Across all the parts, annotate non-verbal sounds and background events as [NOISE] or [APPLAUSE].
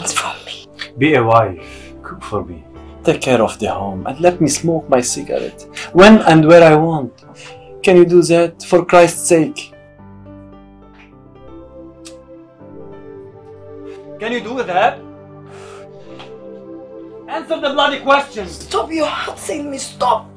from me. Be a wife. Cook for me. Take care of the home and let me smoke my cigarette when and where I want. Can you do that for Christ's sake? Can you do that? Answer the bloody question! Stop! You heart, saying me stop!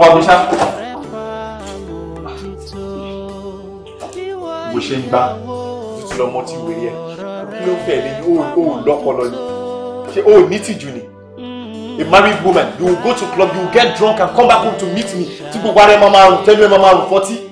pa mi ṣá. bó ṣe ń gbá títí lọmọ ti wèrè ẹ kí ló fẹ́ lé o ò lọ́pọlọ ni ṣé o ò ní tìjú ni a married woman you will go to club you will get drunk and come back home to meet me tí gbogbo ara ẹ máa máa rùn tẹ́lú ẹ máa máa rùn fọ́tí.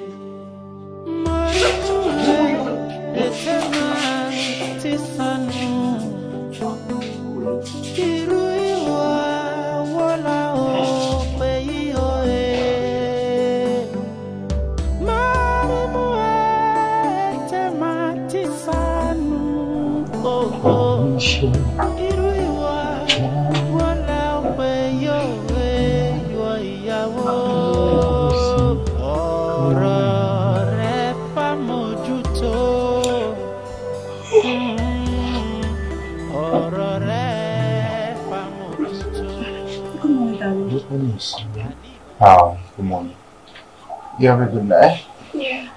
You have a good night? Yeah.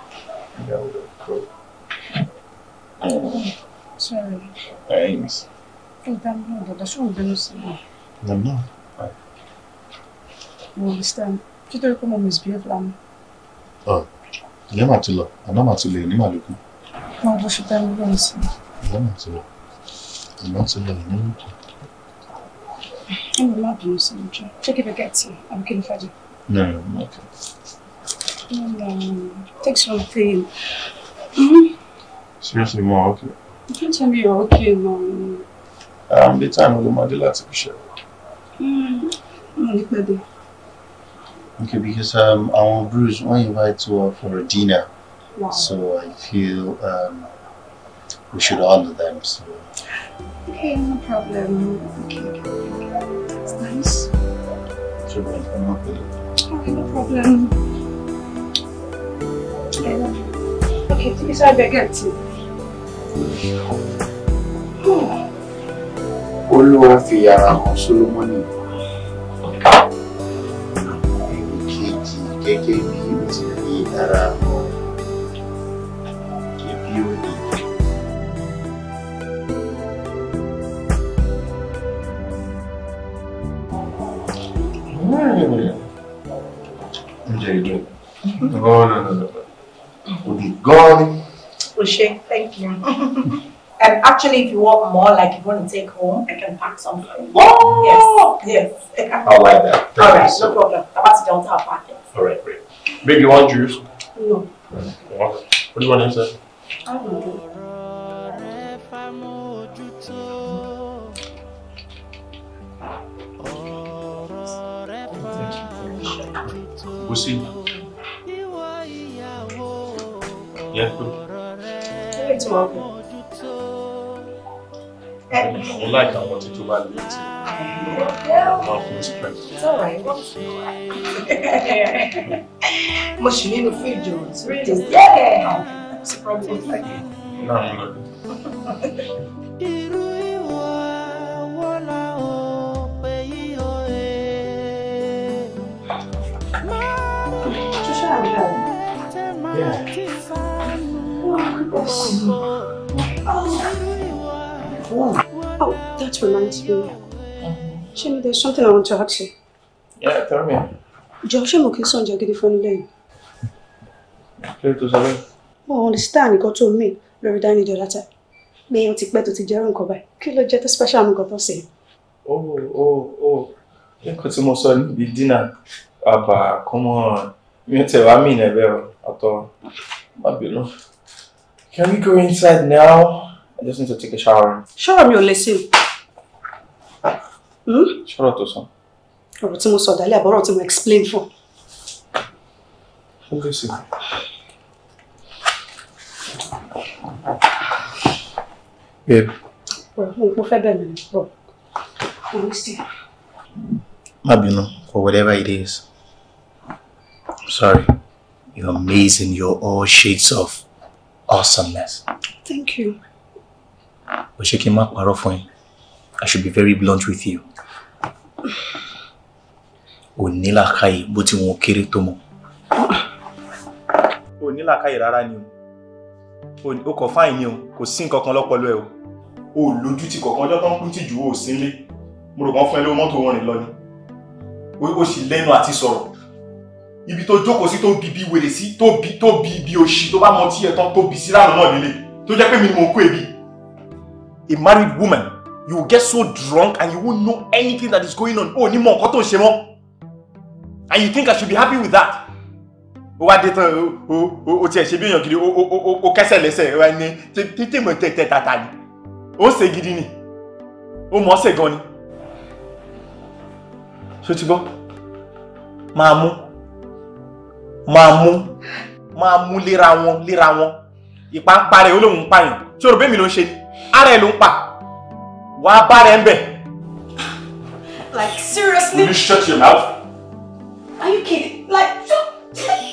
No, sorry. Thanks. I'm You Mm. Take something. Mm. Mm-hmm. Seriously, Mom, okay? You can't tell me you're okay, Mom. Um, the time of the Monday láti fi ṣe. Okay, because um, our Bruce won't invite to her uh, for a dinner. Wow. So I feel um, we should honor them. So. Okay, no problem. Okay, okay, okay. It's nice. Sure, I'm not Okay, no problem. Okay, take a side back at Olúwa fi ara hàn Sólómọ́nì. Ẹni kejì gẹ́gẹ́ bí ó ti fi ara hàn kébí ó ní. Mm. Mm. Mm. Mm. Mm. Mm. Mm. Ó le gan-an. thank you. [LAUGHS] And um, actually, if you want more, like you want to take home, I can pack something. Oh! Yes, yes. [LAUGHS] I like that. Thank All right, so. no problem. I'm about to delta our packets. All right, great. Baby, you want juice? No. What do you want to say? I don't know. We'll see. Yes, I like I wanted to value it. Not from strength. It's all right. Yeah. ṣì nínú fíjì o. Yeah. What's No, I'm not. Irú ìwà Yeah. Oh, oh. that reminds me. Mm-hmm. there's something I want to ask you. Yeah, tell me. Joshua, I'm okay, son, you're getting phone lane. Clear to seven. Oh, understand, you got to me. Lórí dání the latter. Mi ò ti pẹ́ tó ti jẹ́rú nǹkan báyìí. Kí ló jẹ́ tó to nǹkan tó ṣe? Oh, oh, oh. Nǹkan tí mo sọ the dinner. Àbà, come on. Mi ò tẹ̀ wá At all. ọ̀tọ̀. Má bínú. Can we go inside now? I just need to take a shower. Shower mi ò lè ṣe. Hmm? Ṣọ́rọ̀ tó sọ. Ọ̀rọ̀ tí mo sọ dálé àbọ̀rọ̀ tí mo explain fún. Ṣé lè ṣe? Babe. Mo fẹ́ bẹ̀rẹ̀ mi pọ̀. Maybe bínú for whatever it is. I'm sorry. You're amazing. You're all shades of awesomeness. Thank you. Ó ṣe kí n má parọ́ fún yín. I should be very blunt with you. Ò ní làákàyè bó ti wọn tomo. tó mọ́. Ò ní làákàyè rárá ni o. O kò fáìn ni o, kò sí nǹkan kan lọ́pọlọ ẹ o. O lójú ti kọ̀ọ̀kan ọjọ́ tó ń kú tìjú o sílé. Mo rò kàn ibi tó jókòó sí tó bi bí wèrè sí tó bi tó bi bí òṣì tó bá mọ tí ẹ tán tó bi sí lánàá náà nílé tó jẹ́ pé mi ni mo kó ebi. a married woman you will get so drunk and you won't know anything that is going on o ní mọ nǹkan tó ń ṣe mọ́ and you think I should be happy with that ó wá dé tán o o o tiẹ̀ ṣe bí èèyàn gidi o o o kẹsẹ̀ lẹ́sẹ̀ ẹ ní tètè mọ̀ tẹ̀tẹ̀ tata ni ó ń ṣe gidi ni ó mọ̀ ọ́ ṣe gan ni ṣó ti gbọ́ máa mú máa mú máa mú léra wọn léra wọn ìpa ń parẹ́ olóhùn pààyàn tí o mi ló ń ṣe ni ara ẹ̀ ló ń pa wàá bá rẹ̀ ń bẹ̀. Like seriously? Will you shut your mouth? Are you kidding? Like shut shut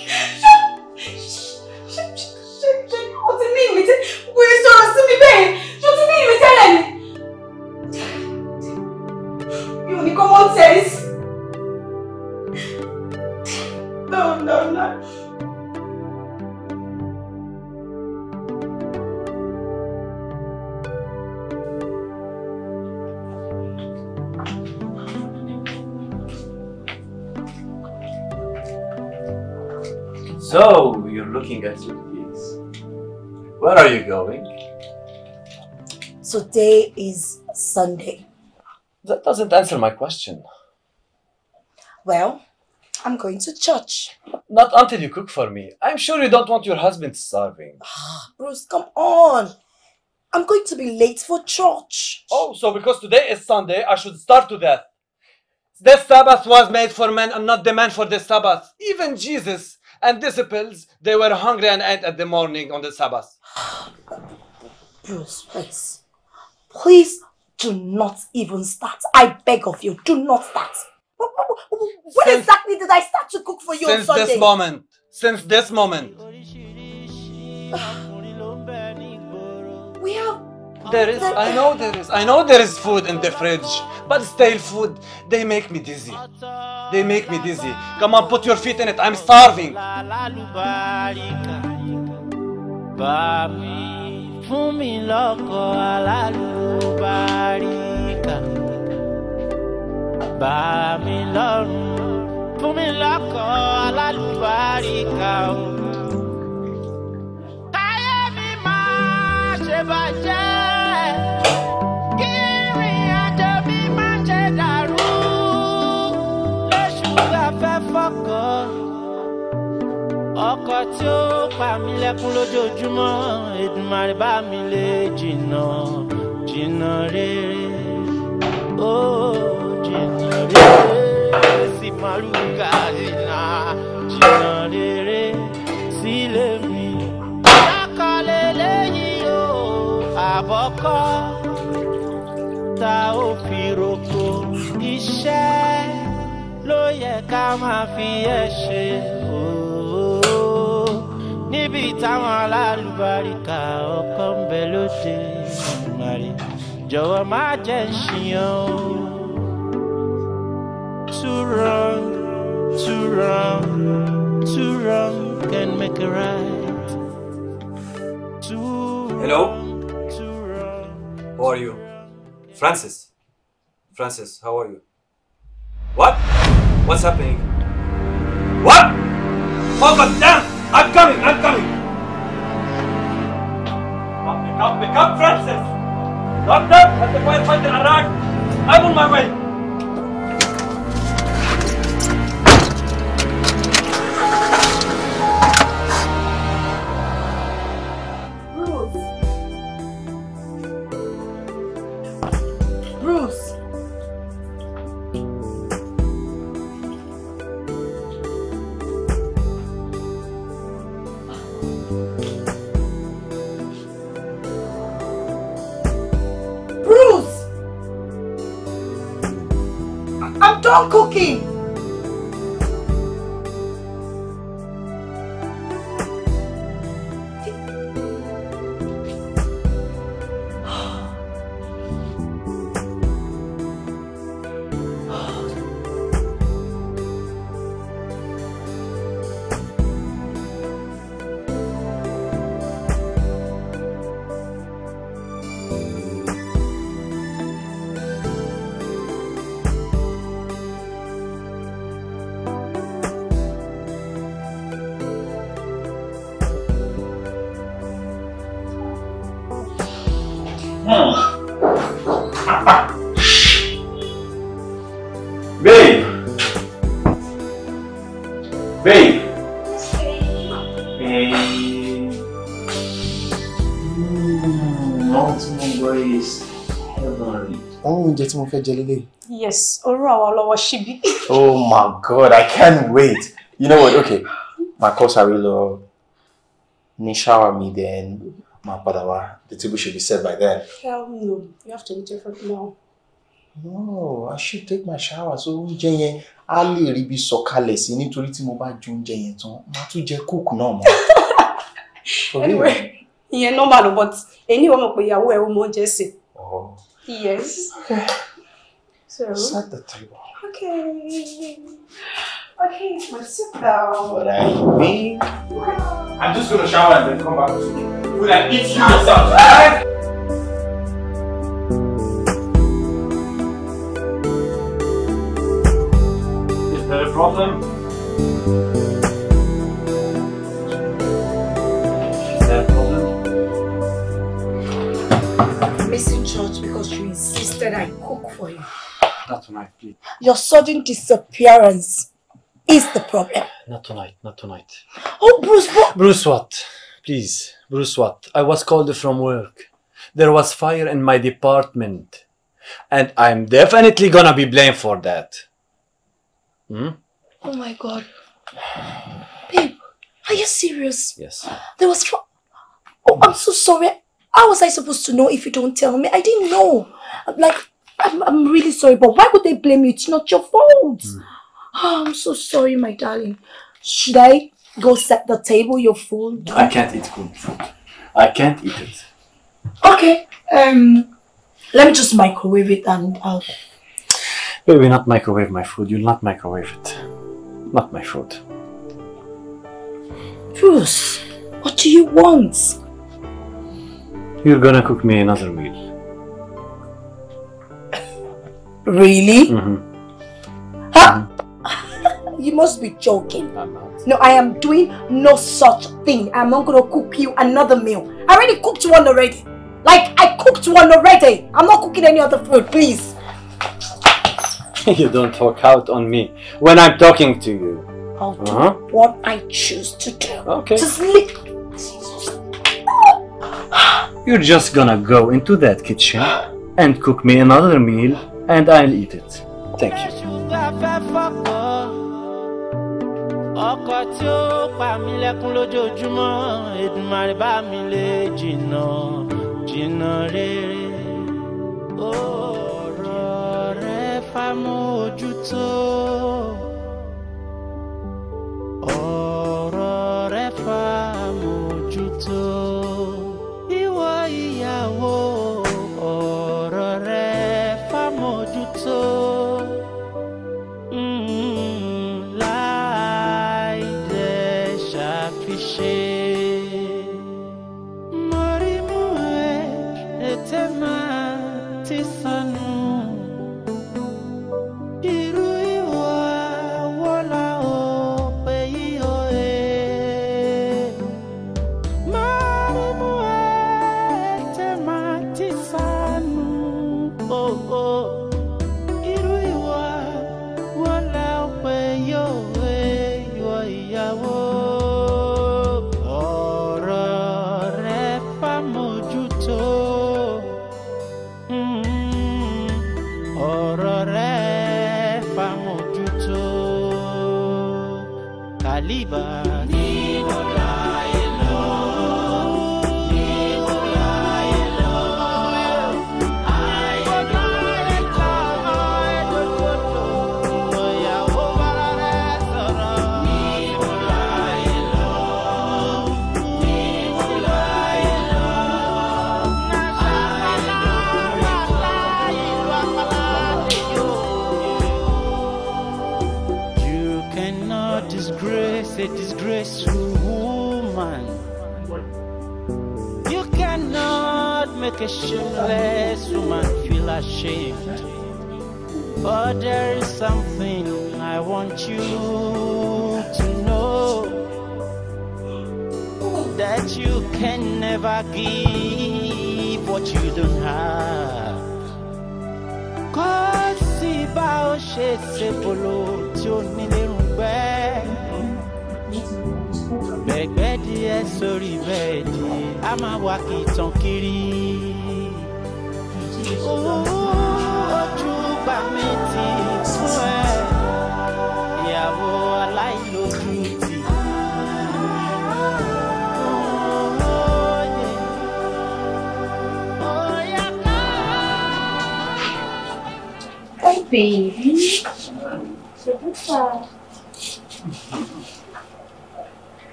shut shut shut shut shut what do you mean? Wait, sọ̀rọ̀ sí mi bẹ́ẹ̀. So, you're looking at your keys. Where are you going? Today is Sunday. That doesn't answer my question. Well, I'm going to church. Not until you cook for me. I'm sure you don't want your husband starving. Ah, Bruce, come on. I'm going to be late for church. Oh, so because today is Sunday, I should start to death. The Sabbath was made for men and not the man for the Sabbath. Even Jesus and disciples, they were hungry and ate at the morning on the Sabbath. [GASPS] Bruce, please. Please do not even start. I beg of you, do not start. When since, exactly did I start to cook for you since on Sunday? this moment. Since this moment. [SIGHS] we have there is, I know there is, I know there is food in the fridge, but stale food, they make me dizzy. They make me dizzy. Come on, put your feet in it, I'm starving. ọ̀rọ̀ tí ó pa mí lẹ́kún lójoojúmọ́ Èdùmàrè bá mi lè jìnnà jìnnà rere ó jìnnà rere sí màlúkà jìnnà jìnnà rere sílé mi. lákọlẹ̀ lẹ́yìn o àbọ̀kọ́ tá ó fi roko iṣẹ́ ló yẹ ká máa fi ẹ ṣe. Hello? Too How are you? Francis? Francis, how are you? What? What's happening? What? Oh god damn! I'm coming! I'm coming! Come, Francis! Doctor, let the firefighter arrive. I'm on my way. cooking. mo fẹ́ jẹ lélẹ̀. yes orú àwa lọ́wọ́ ṣíbí. oh my god i can't wait you know what okay my course are sáré lọ Ni shower me then ma padà wá the table should be set by then. hell no you have to be different now. no i should take my shower so oúnjẹ yẹn á lè rí bí sọ̀kalẹ̀ sí nítorí tí mo bá ju oúnjẹ yẹn tán màá tún jẹ kóòkù náà mọ́. anyway ìyẹn normal, but bọ tí èyí ni wọn mọ pé ìyàwó ẹ ó mọ oúnjẹ sè. Oh. Yes. Okay. So. Set the table. Okay. Okay, my seatbelt. What I mean. I'm just gonna shower and then come back to you. When I eat you a problem tonight, please. Your sudden disappearance is the problem. Not tonight, not tonight. Oh, Bruce, what? Bruce, what? Please, Bruce, what? I was called from work. There was fire in my department. And I'm definitely gonna be blamed for that. Hmm? Oh my god. Babe, are you serious? Yes. There was... Oh, I'm so sorry. How was I supposed to know if you don't tell me? I didn't know. Like, I'm, I'm really sorry, but why would they blame you? It's not your fault. Mm. Oh, I'm so sorry, my darling. Should I go set the table, Your food. I can't eat food. I can't eat it. Okay. Um, let me just microwave it and I'll... Baby, not microwave my food. You'll not microwave it. Not my food. Bruce, what do you want? You're gonna cook me another meal. Really? Mm-hmm. Huh? Mm-hmm. [LAUGHS] you must be joking. No, I am doing no such thing. I'm not gonna cook you another meal. I already cooked one already. Like, I cooked one already. I'm not cooking any other food, please. [LAUGHS] you don't talk out on me when I'm talking to you. I'll do uh -huh. what I choose to do. Okay. To sleep. You're just gonna go into that kitchen and cook me another meal and I'll eat it. Thank you. ọkọ tí ó pa mí lẹ́kún lójoojúmọ́ Èdùmàrè bá mi lè jìnnà jìnnà rere ọ̀rọ̀ rẹ fámú ojútó ọ̀rọ̀ rẹ fámú ojútó ìwọ ìyàwó. face a disgraceful woman. You cannot make a shameless woman feel ashamed. But there is something I want you to know that you can never give what you don't have. Cause see, Bao, she's a polo, ẹ sórí bẹ́ẹ̀dì a máa wá kìtàn kiri. ojú bá mi ti fún ẹ ìyàwó aláìlójú tì. Hey baby, so what's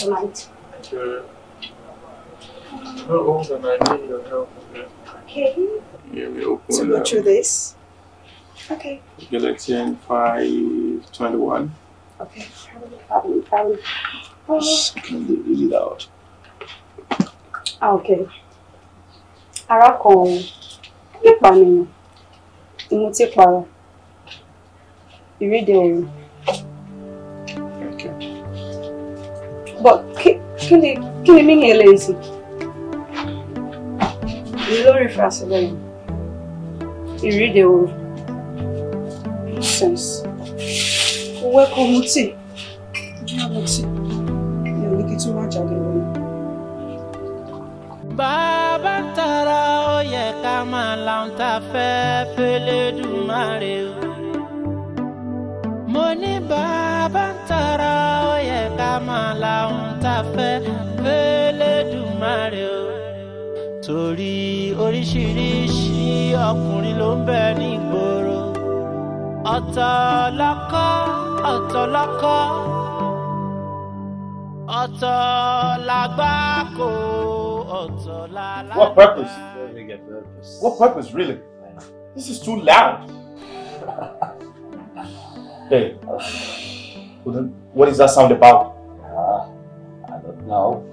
tonight. Okay. Yeah, we open. To go um, through this. Okay. Galatians five twenty one. Okay. Probably, probably, probably. Just leave it out. Ah, okay. Arákùnrin nípa nìyẹn, ìmútípara, ìrédè ẹ̀rù. but kí ni kí ni mímí eléyìí sí? lórí ìfàsílẹ̀ ìríde ooru sense owó ẹ̀kọ́ mu tí ìjọba mu tí mi ò ní kí tún má jáde lónìí. bàbá tara ó yẹ ká máa láwọn tá fẹ́ fẹ́lẹ́ o mo ní bàbá tara ó ká la ohun tá a fẹ́ o torí oríṣiríṣi ọkùnrin ló ń bẹ ní ọ̀tọ̀ lọ́kọ ọ̀tọ̀ lọ́kọ ọ̀tọ̀ làgbákò ọ̀tọ̀ làlá. What purpose? What purpose really? This is too loud. [LAUGHS] hey. What is that sound about? Uh, I don't know.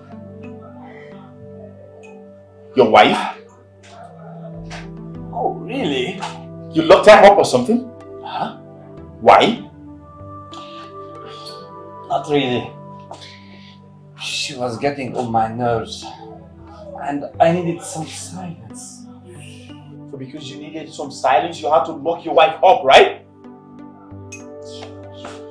Your wife? Oh, really? You locked her up or something? Huh? Why? Not really. She was getting on my nerves. And I needed some silence. So because you needed some silence, you had to lock your wife up, right?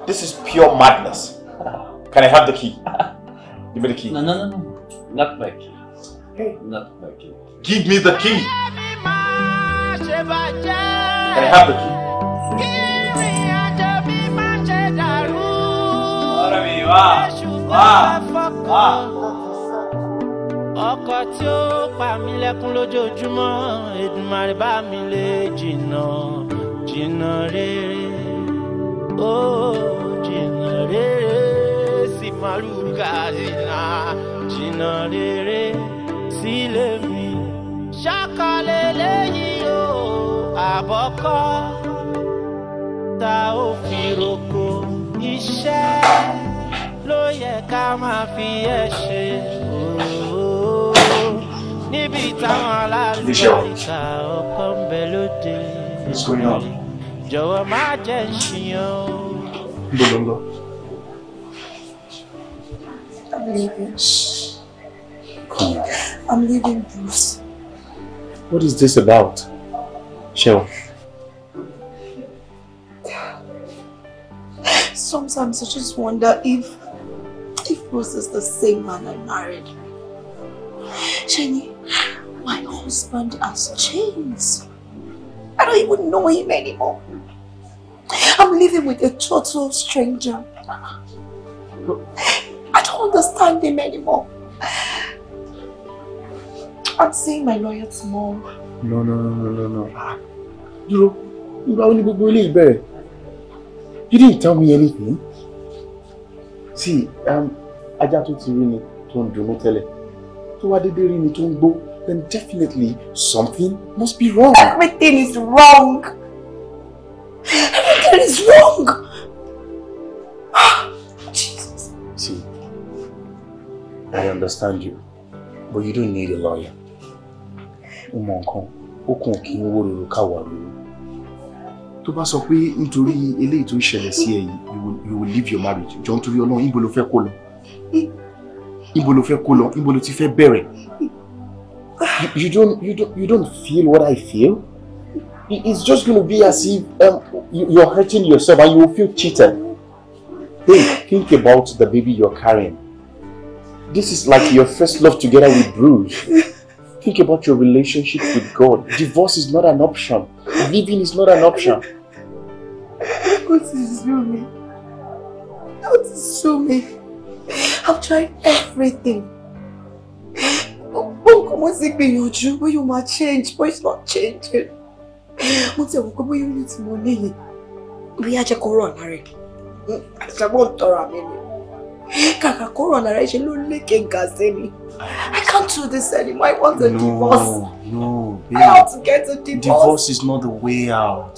This is pure madness. [LAUGHS] Can I have the key? [LAUGHS] Give me the key. No, no, no, no. Not my key. Hey. Not my key. Give me the key. Can I have the key? ọkọ tí ó pa mí lẹ́kún lójoojúmọ́ Èdùmàrè bá mi lè jìnnà jìnnà rere. Oh, jìnnà rere sí màlúùkà jìnnà jìnnà rere sílé mi. Ṣàkàlẹ̀ lẹ́yìn o, àbọ̀kọ́ ta ó fi roko iṣẹ́ ló yẹ ká máa What's going on? Joe Magentinho. Oh. Bulungo. I'm leaving. Come I'm leaving, Bruce. What is this about? Cheryl. Sometimes I just wonder if if Bruce is the same man I married. Jenny, my husband has changed. I don't even know him anymore. I'm living with a total stranger. I don't understand him anymore. I'm seeing my lawyer tomorrow. No, no, no, no, no, no. you ah, ìgbà wo ni gbogbo eléyìí bẹ̀rẹ̀? You didn't tell me anything. See, um, I just ti rí ni tó ń dunnú tẹ́lẹ̀. Tó wá dédé rí ni tó ń gbó. Then definitely something must be wrong. Everything is wrong that is wrong. Jesus. See, I understand you, but you don't need a lawyer. Ọmọ nǹkan, okùn kì í wó roro káwà roro. Tó bá sọ pé nítorí eléyìí to ń ṣẹlẹ̀ sí ẹ you will leave your marriage. Jọ nítorí Ọlọ́run, níbo lo fẹ́ kó lọ? Níbo lo fẹ́ kó lọ? Níbo lo ti fe bere. You don't, you don't, you don't feel what I feel? it's just going to be as if um, you're hurting yourself and you will feel cheated. Think, think about the baby you're carrying. This is like your first love together with Bruce. Think about your relationship with God. Divorce is not an option. Living is not an option. What is me? What is me? I've tried everything. Oh, come on, Zigby, you but you might change, but it's not changing. mo ti ẹ̀wọ̀n pé bóyá ó ní tí mo ní bóyá jẹ́ kó rọ̀ lára ẹ̀ àtàgbọ́n ń tọrọ àmì mi kàkà kó rọ̀ lára ẹ̀ ṣe ló lékè ga sí ni I can't do this anymore I want a divorce no babe I want to get a divorce divorce is not the way out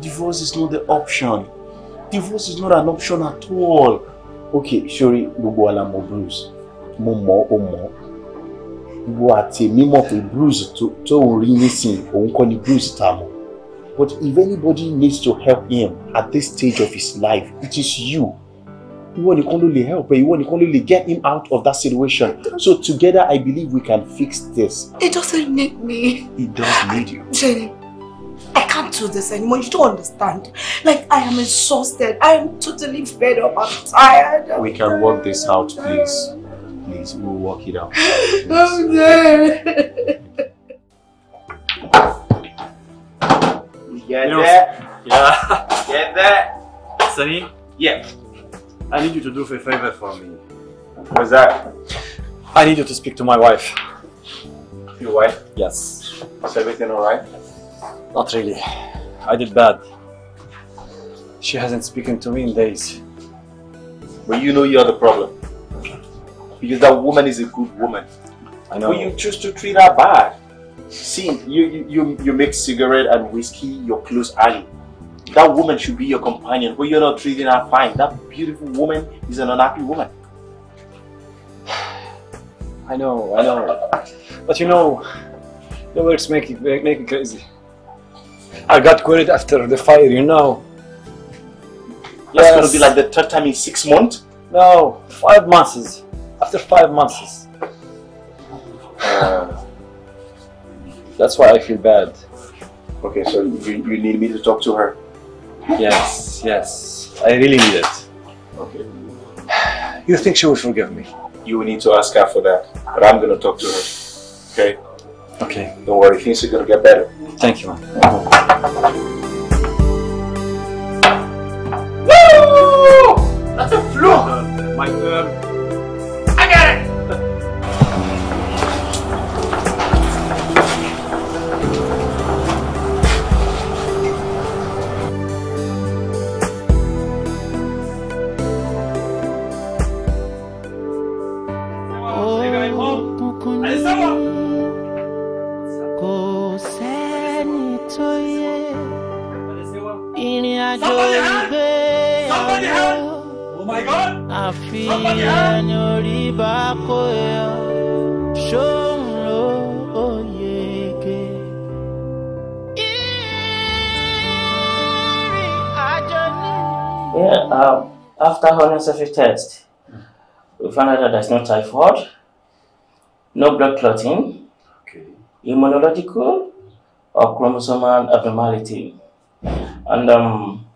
divorce is not the option divorce is not an option at all okay sorry gbogbo wa la mọ̀ Bruce mo mọ̀ o mọ̀ ìwọ àti èmi mọ̀ pé Bruce tó ń rí nísìnyí òun kọ́ ni Bruce tá a mọ̀. But if anybody needs to help him at this stage of his life, it is you. You want to only help, but you want to only get him out of that situation. So together, I believe we can fix this. It doesn't need me. It does need you. Jenny, I can't do this anymore. You don't understand. Like, I am exhausted. I am totally fed up. I'm tired. we can work this out, please. Please, we'll work it out. Please. Oh, [LAUGHS] Get you know, that? Yeah. Get that? Sonny? Yeah. I need you to do a favor for me. What's that? I need you to speak to my wife. Your wife? Yes. Is everything alright? Not really. I did bad. She hasn't spoken to me in days. But you know you're the problem. Because that woman is a good woman. I know. But you choose to treat her bad. See, you, you, you mix cigarette and whiskey your close ally. That woman should be your companion, but you're not treating her ah, fine. That beautiful woman is an unhappy woman. [SIGHS] I know, I know. But you know, the words make it make it crazy. I got worried after the fire, you know. That's yes. gonna be like the third time in six months? No, five months. After five months. Uh. That's why I feel bad. Okay, so you, you need me to talk to her? Yes, yes. I really need it. Okay. [SIGHS] You think she will forgive me? You will need to ask her for that, but I'm going to talk to her. Okay? Okay. Don't worry, things are going to get better. Thank you, man. specific test, we found out that there's no typhoid, no blood clotting, okay. immunological or chromosomal abnormality. And um,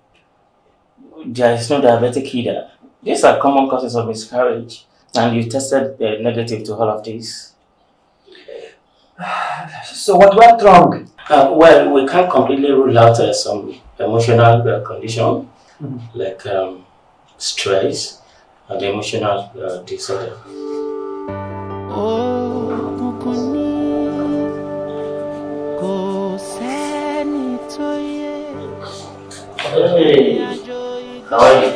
there is no diabetic either. These are common causes of miscarriage, and you tested uh, negative to all of these. [SIGHS] So what went wrong? Uh, well, we can't completely rule out uh, some emotional uh, condition, mm -hmm. like um, stress and emotional uh, disorder. Hey, how are you?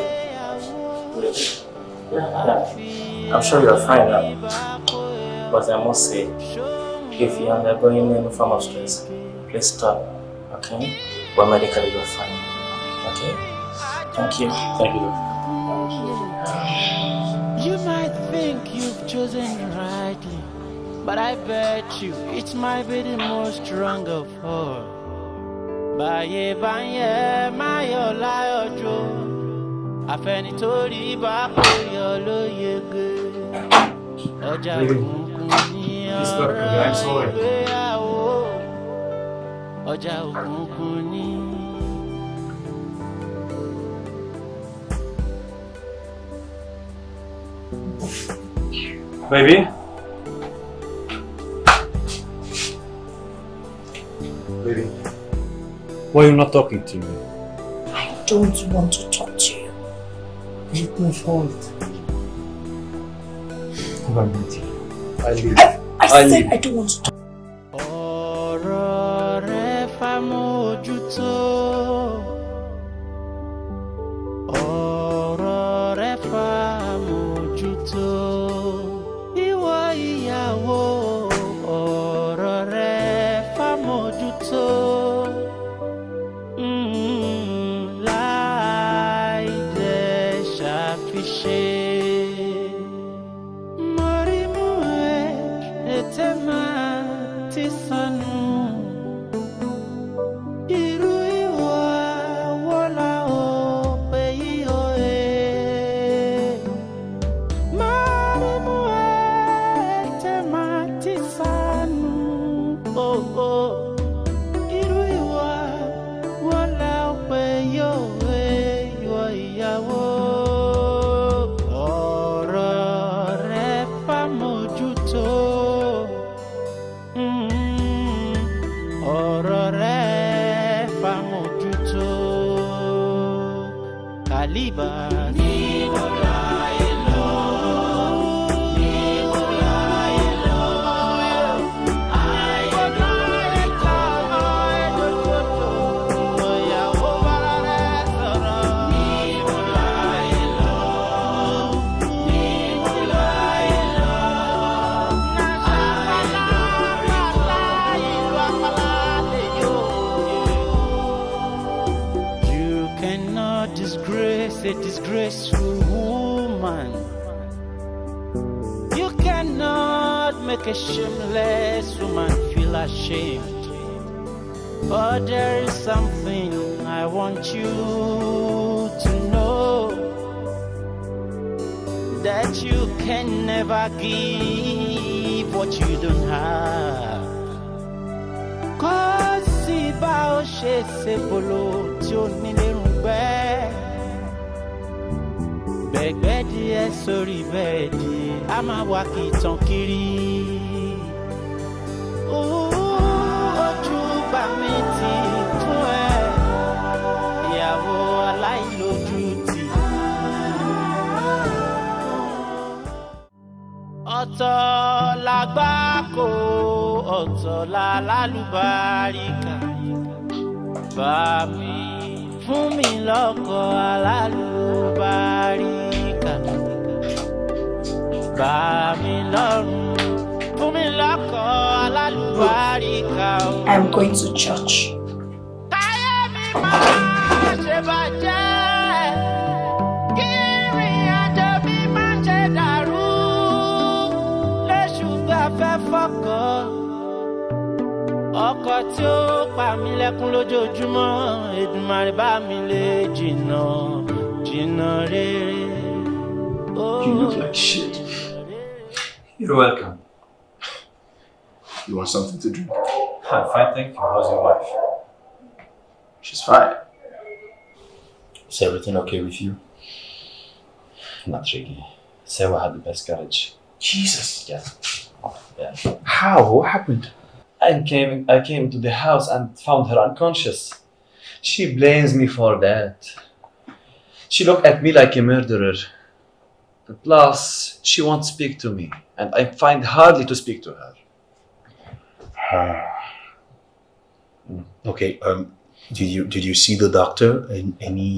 Yeah, I'm sure you're fine now. But I must say, if you're undergoing any form of stress, please stop, okay? But medically, you're fine, okay? Thank you. Thank you. You might think you've chosen rightly, but I bet you it's my very most wrong of all. Báyé báyé má yọ̀ láyọ̀ jó, àfẹ́ni tó rí bá yege. Ọjà òkùnkùn ni ọ̀rọ̀ ìgbéyàwó. Ọjà òkùnkùn baby. Baby, why are you not talking to me? I don't want to talk to you. It's my fault. I leave. I, I, I said leave. I don't want to talk. miscarriage. Jesus. Yeah. Yeah. How? What happened? I came I came to the house and found her unconscious. She blames me for that. She looked at me like a murderer. plus, she won't speak to me, and I find hardly to speak to her. Ah. okay. Um, did you did you see the doctor? Any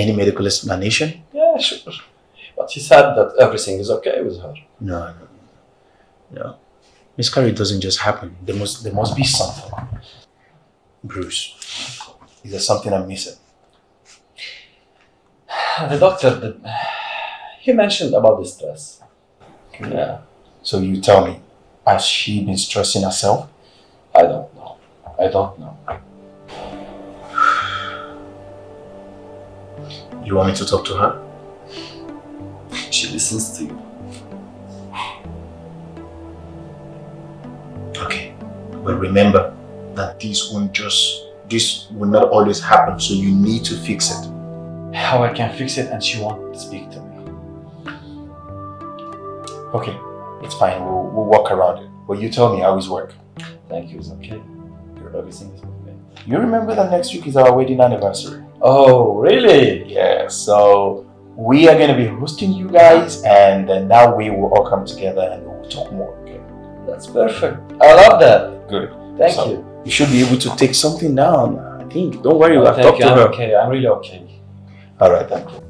any medical explanation? Yeah, sure but she said that everything is okay with her. No, no. Miscarriage doesn't just happen. There must, there must be something. Bruce, is there something I'm missing? [SIGHS] The doctor, [SIGHS] he mentioned about the stress. Yeah. So you tell me, has she been stressing herself? I don't know. I don't know. You want me to talk to her? She listens to you. Okay. But remember that this won't just, this will not always happen. So you need to fix it. How I can fix it and she won't speak to me. Okay, it's fine. We'll, we'll walk around it. But you tell me how it's work. Thank you. It's okay. everything is okay. You remember that next week is our wedding anniversary. Oh, really? Yeah. So we are going to be hosting you guys, and then that way we'll all come together and we'll talk more. Okay, that's perfect. I love that. Good. Thank so you. You should be able to take something down. I think. Don't worry, oh, I've talked you. to I'm her. Okay, I'm really okay. All right, thank you.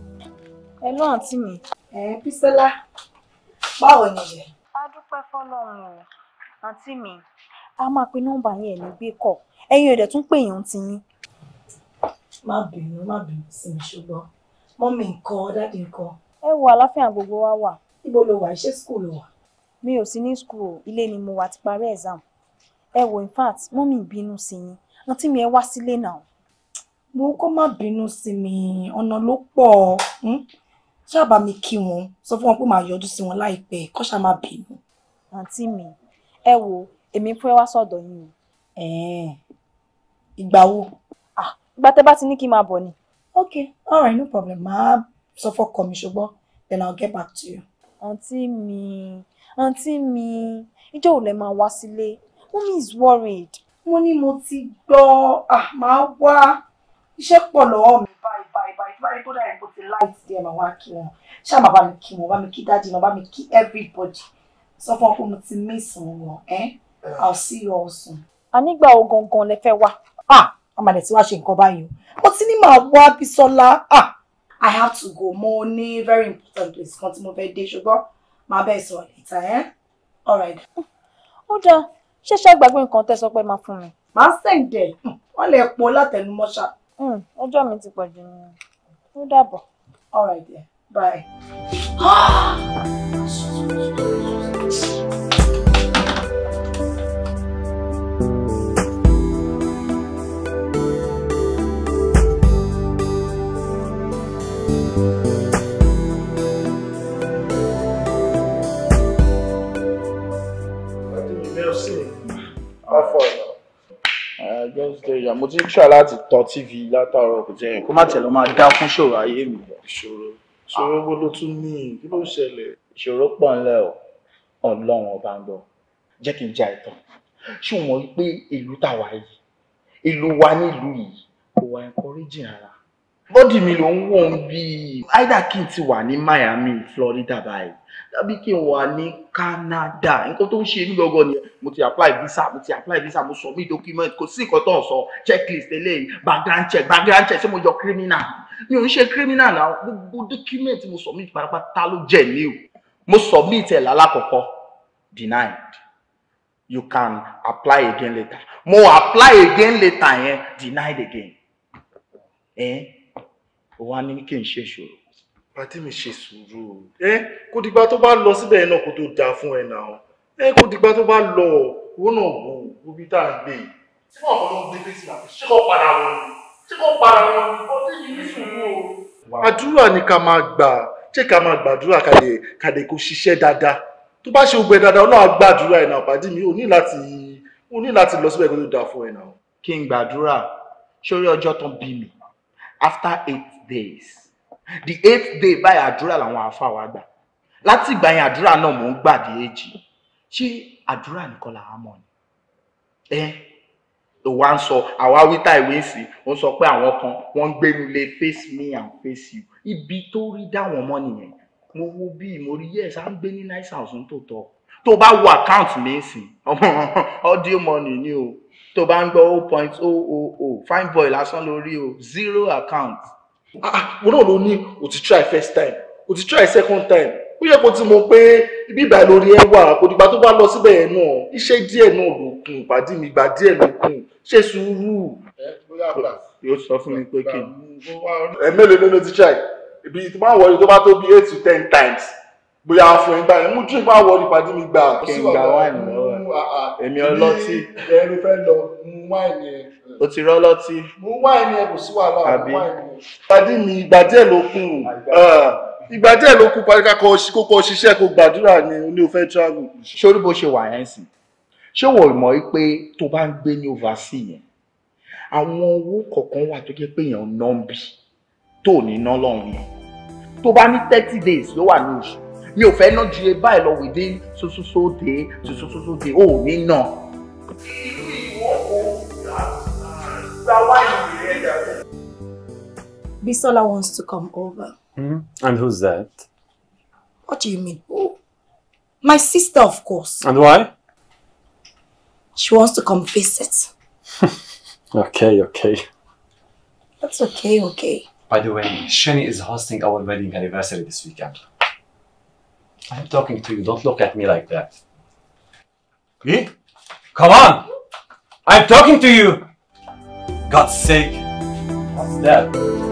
Hello, Auntie me. Eh, Bísọ́lá. Báwo ni je? A dúpẹ́ fọ́lọ́run. Auntie mi. A máa pe number yẹn ní gbé kọ̀. Ẹ̀yin ò dẹ̀ tún pè yín tin yín. Má bínú, má bínú sí mi ṣùgbọ́n mọ́mì ńkọ́ dáàdì ńkọ́. ẹ wo àlàáfíà gbogbo wa wà. ibo lo wà ṣé school lo wà. mi ò sí ní school ilé ni mo wà ti parí exam ẹ wo in fact mọ́mì bínú sí yín àǹtí mi ẹ wá sílé náà. mo kọ́ má bínú sí mi ọ̀nà ló pọ̀ hmm? ṣáàbà mi kí wọn sọ fún wọn pé màá yọjú sí wọn láìpẹ́ kọ́ ṣáà má bínú. àǹtí mi ẹ wo èmi fẹ́ wá sọ́dọ̀ yín o. ìgbà wo. Ah, ìgbà tẹ́ bá ti ní kí n máa bọ̀ ni okay all right no problem màá sọ fọ́kọ mi then i'll get back to you. àǹtí mi àǹtí mi ìjọ ò lè máa wá sílé mummy is worried. mo ní mo ti gbọ́ màá wá iṣẹ́ pọ̀ lọ́wọ́ mi báyìí báyìí báyìí báyìí kódà ẹ̀ bó ti láìsí ẹ̀ máa wá kí wọn ṣáà máa bá mi kí wọn bá mi kí dáàdì náà bá mi kí everybody sọ fún ọ pé mo ti miss wọn ẹ eh? i'll see you all soon. ànígbà wo gangan lẹ fẹ́ wá. ah wọn máa dẹ̀ tí wá ṣe nǹkan báyìí o mo ti ní màá wá Bísọ́lá ah I have to go mo ní very important place kan tí mo fẹ́ dé ṣùgbọ́n màá bẹ́ẹ̀ sọ ìta ẹ́ eh? alright. ó dáa ṣẹ̀ṣẹ̀ gbàgbé nǹkan tẹ́ sọ pé máa fún mi. màá sẹ̀ǹdẹ̀ wọ́n lè pọ̀ Hmm. Ojo, mi ti pọ̀ jù ní ó dàbọ̀. alright yeah. bye. [GASPS] [LAUGHS] just dey ya mo ti ń ṣà láti tọ tv látàárọ̀ kò jẹ́ yẹn kó má tẹ̀ lọ́ máa dá fún ṣòro ayé mi. ìṣòro ìṣòro wo ló tún ní kí ló ṣẹlẹ̀. ìṣòro pọ̀ ńlẹ̀ o ọlọ́run ọba ń gbọ́ jẹ́ kí n já ìtàn ṣé o mọ̀ pé ìlú tàwa yìí ìlú wa nílùú yìí kò wá encourage ara bọ́dì mi ló ń wọ̀n bíi either kí n ti wà ní Miami Florida báyìí tàbí kí n wà ní Canada nǹkan tó ń ṣe mí gọgọ nìyẹn mo ti apply visa mo ti apply visa mo submit document kò sí nǹkan tó ń sọ checklist eléyìí background check background check ṣé mo jọ criminal mi ò ń ṣe criminal náà gbogbo document mo submit pátápátá ló jẹ ní o mo submit ẹ̀ lálákọ̀ọ́kọ́ denied you can apply again later mo apply again later yẹn denied again ẹ̀ wọ́n á ní kí n ṣe ìṣòro pàtí mi ṣe sùúrù ẹ kó dìgbà tó bá lọ síbẹ̀ náà kó tó dáa fún ẹ náà ẹ kó dìgbà tó bá lọ owó náà wò ó bí tá à gbé yìí. tí wọn kò ló ń gbé bẹ́sì náà ṣé kò para wọn ni ṣé kò para wọn ni kò tí ì ní sùúrù o. àdúrà ni ká máa gbà ṣé ká máa gbàdúrà kàdé kàdé kó ṣiṣẹ́ dáadáa tó bá ṣe ògbẹ́ dáadáa ọlọ́run gbàdúrà ẹ̀ náà pàdí mi ò ní láti ò ní láti lọ síbẹ̀ kó tó dáa fún ẹ náà. kí n gbàdúrà sórí ọjọ́ after eight days the eighth day báyìí àdúrà làwọn àáfàá wa gbà láti ìgbà yẹn àdúrà náà mò ń gbà dé èjì ṣé àdúrà nìkan là á mọ̀ ni ẹ ló wá ń sọ àwa wíta ìwé sí ó sọ pé àwọn kan wọ́n ń gbénu lé face me and face you ibi tó rí dáwọn ọmọ nìyẹn mo wo bíi mo rí yes à ń gbé ní nice house ń tò tọ́ tó bá wo account mi ń sìn ọmọ audio money ni o tó bá ń gbọ́ 0.000 fine boy lásán lórí o zero account Ah, ah mo náà ló ní o try first time o ti try second time ó yẹ kó ti mọ pé ibi ìgbà lórí ẹ wà kò dìgbà tó bá lọ síbẹ̀ yẹn náà iṣẹ́ díẹ̀ náà ló kùn ìpàdé mi ìgbà díẹ̀ ló kùn ṣe sùúrù. yóò sọ fún mi pé kí ni. ẹ mélòó ló ti try ibi tí máa wọlé tó bá tó bí eight to ten times bóyá fún ẹ gbà yẹn mú drink máa wọlé ìpàdé mi gbà. kí n gba wáìnì lọ́wọ́ èmi ọlọ́tí. ẹni fẹ́ lọ mú wáìnì yẹn. o ti rọ́ ọlọ́tí. mú wáìnì yẹn kò sí wàhálà mú wáìnì pàdé mi ìgbà díẹ̀ ló kù ah, ìgbà díẹ̀ ló kù pàdé kókó ṣiṣẹ́ kó gbàdúrà ni ní o fẹ́ travel. sórí bó ṣe wà yẹn sìn ṣé wọ́n mọ̀ pé tó bá ń gbé ní overseas yẹn àwọn owó kọ̀ọ̀kan wà tó jẹ́ pé èèyàn ná ń bì tó ní ná lọ́run yẹn tó bá ní thirty days ló wà ní oṣù mi ò fẹ́ ná ju e báyìí lọ within sososo day sososo day ò ní ná. irú ìwọ kò gbà wá Bisola wants to come over. Hmm. And who's that? What do you mean? Who? My sister, of course. And why? She wants to come visit. [LAUGHS] okay, okay. That's okay, okay. By the way, Shani is hosting our wedding anniversary this weekend. I'm talking to you, don't look at me like that. Eh? Come on! I'm talking to you! God's sake! What's that?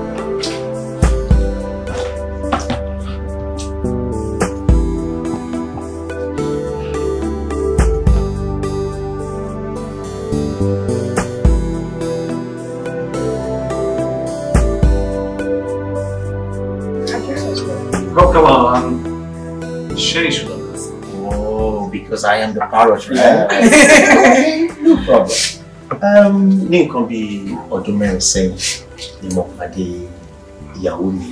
because I am the parrot, right? okay, no problem. Um, ní can be ọdún mẹ́rin sẹ́yìn ni mo pàdé ìyàwó mi.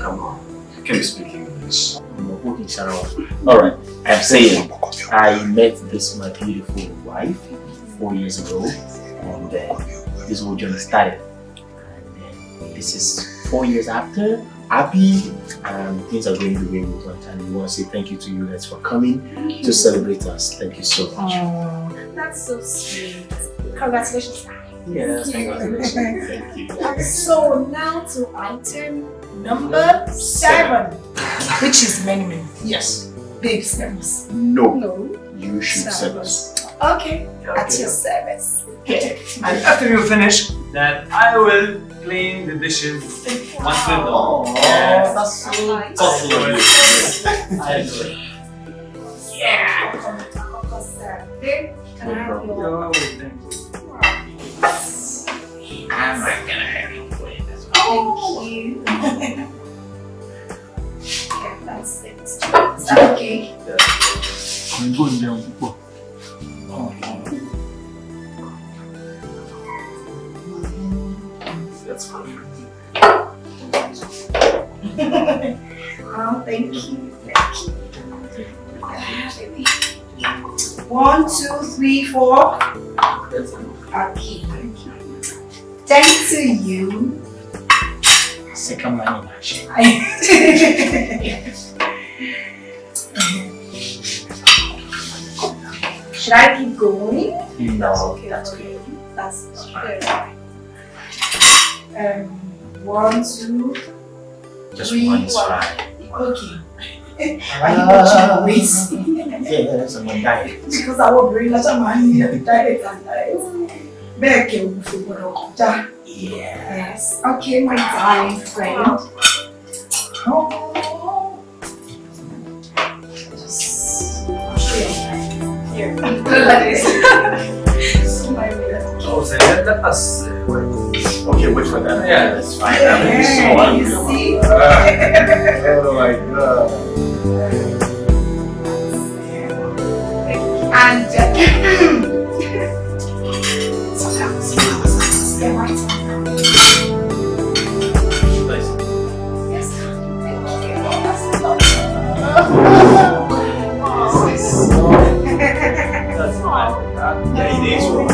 Come on, can you speak English? Mo kò kí n All right, I'm saying I met this my beautiful wife four years ago and uh, this whole journey started. And uh, this is four years after. happy and things are going the way we want. And we want to say thank you to you guys for coming thank to you. celebrate us. Thank you so much. Oh, that's so sweet. Congratulations. Yes, thank You. thank [LAUGHS] you. So now to item number seven, seven. which is many men. Yes. Babe, service. No. No. You should serve us. Okay. okay. At your service. Okay. [LAUGHS] And after you finish, then I will clean the dishes. 만들어. 예. 사수. 사수. 알죠. 예. No, thank you. I'm not gonna have you play this one. Thank you. yeah, that's it. It's okay. 이건 그냥 뭐. thank you. Thank you. Baby. One, two, three, four. Okay. Thanks to you. Second one, actually. [LAUGHS] Should I keep going? No, that's okay. That's okay. That's, that's fine. Um, one, two, Just three, one is Okay. Ah. Are you watching your weight? Yeah, that's on my diet. Because I will bring that man here to diet and diet. Bẹ́ẹ̀ kẹ̀ Yes. Okay, my darling friend. Oh. Just... Here. Look at this. [LAUGHS] Oh, so that, that's... Uh, okay, which one then? Yeah, that's fine. Yeah, that makes so unreal. Uh, [LAUGHS] oh my god. And... Yeah, it is.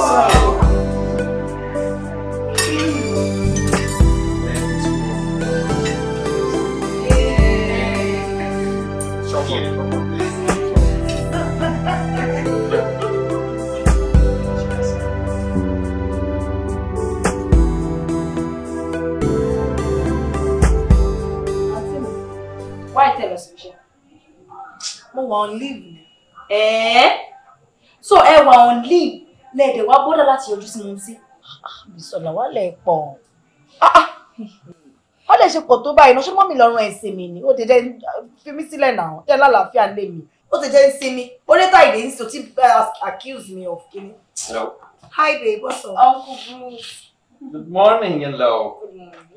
wà on leave ni. ẹ̀ẹ́ so ẹ wà on leave lẹ́ẹ̀dẹ̀ wá bọ́dà láti yọjú sí mo sí. Bísọ́lá wà lẹ̀ pọ̀ ah, ah. wọ́n lè ṣe pọ̀ tó báyìí lọ́sọ́ mọ́mì lọ́rùn ẹ̀sìn mi ni ó ti jẹ́ fi mí sílẹ̀ náà jẹ́ lálàáfíà lé mi ó ti jẹ́ ń sinmi ó dé táyì dé ń sọ tí eh, accuse me of kini. hello. hi babe what's up. uncle bruce. good morning hello.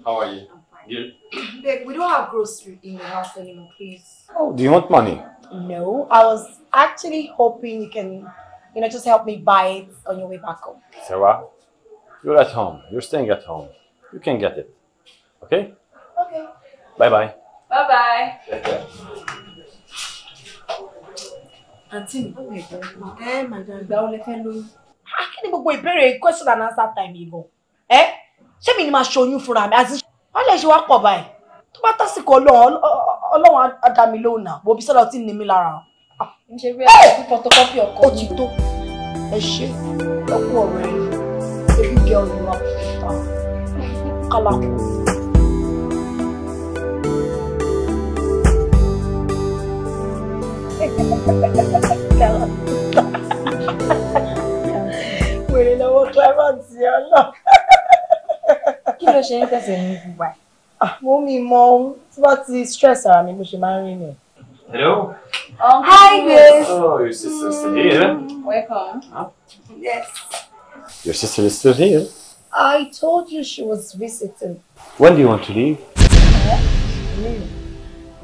how are you. Yeah. Babe, we don't have grocery in the house anymore, please. Oh, do you want money? No, I was actually hoping you can, you know, just help me buy it on your way back home. Sarah, you're at home. You're staying at home. You can get it. Okay? Okay. Bye-bye. Bye-bye. Auntie, eh, ah, question and answer time wọ́n lè ṣe wá pọ̀ báyìí tó bá tásìkò ọlọ́run ọlọ́run adami lóhùn náà bòbí sọ́dọ̀ tí ń ní mi lára o. ǹjẹ́ bí ẹ ti photocopy ọkọ mi. ó ti tó ẹ ṣe ọkọ ọ̀rẹ́ ebi jẹ́ olùwà kúta kálákù. wèrè lọ́wọ́ clement yẹn náà kí ló ṣe ń tẹ̀sẹ̀ ní gbogbo ẹ̀. Ah, mo mi mọ ohun tí wọ́n ti stress ara mi bó ṣe máa ń rí nìyẹn. Hello. Um, Hi, Grace. Oh, your sister is still here. Eh? Welcome. Huh? Yes. Your sister is still here. I told you she was visiting. When do you want to leave? Eh? Leave.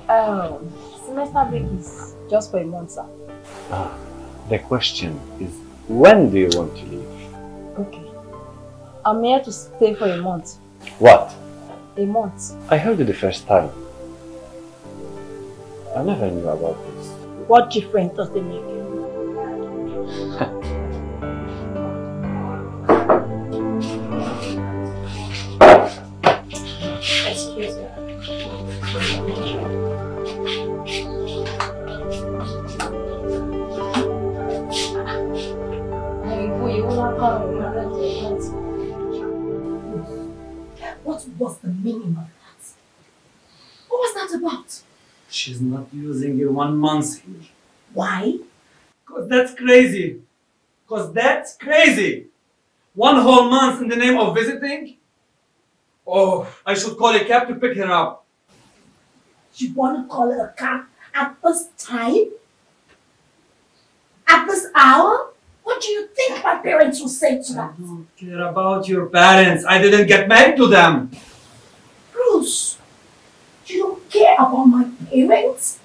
Um, semester break is just for a month, sir. Ah, the question is, when do you want to leave? Okay. I'm here to stay for a month. What? A month. I heard it the first time. I never knew about this. What difference does it make? [LAUGHS] the meaning of that? What was that about? She's not using it one month here. Why? Because that's crazy. Because that's crazy. One whole month in the name of visiting? Oh, I should call a cab to pick her up. You want to call a cab at this time? At this hour? What do you think my parents will say to that? I don't care about your parents. I didn't get married to them. Bruce, You don't care about my parents.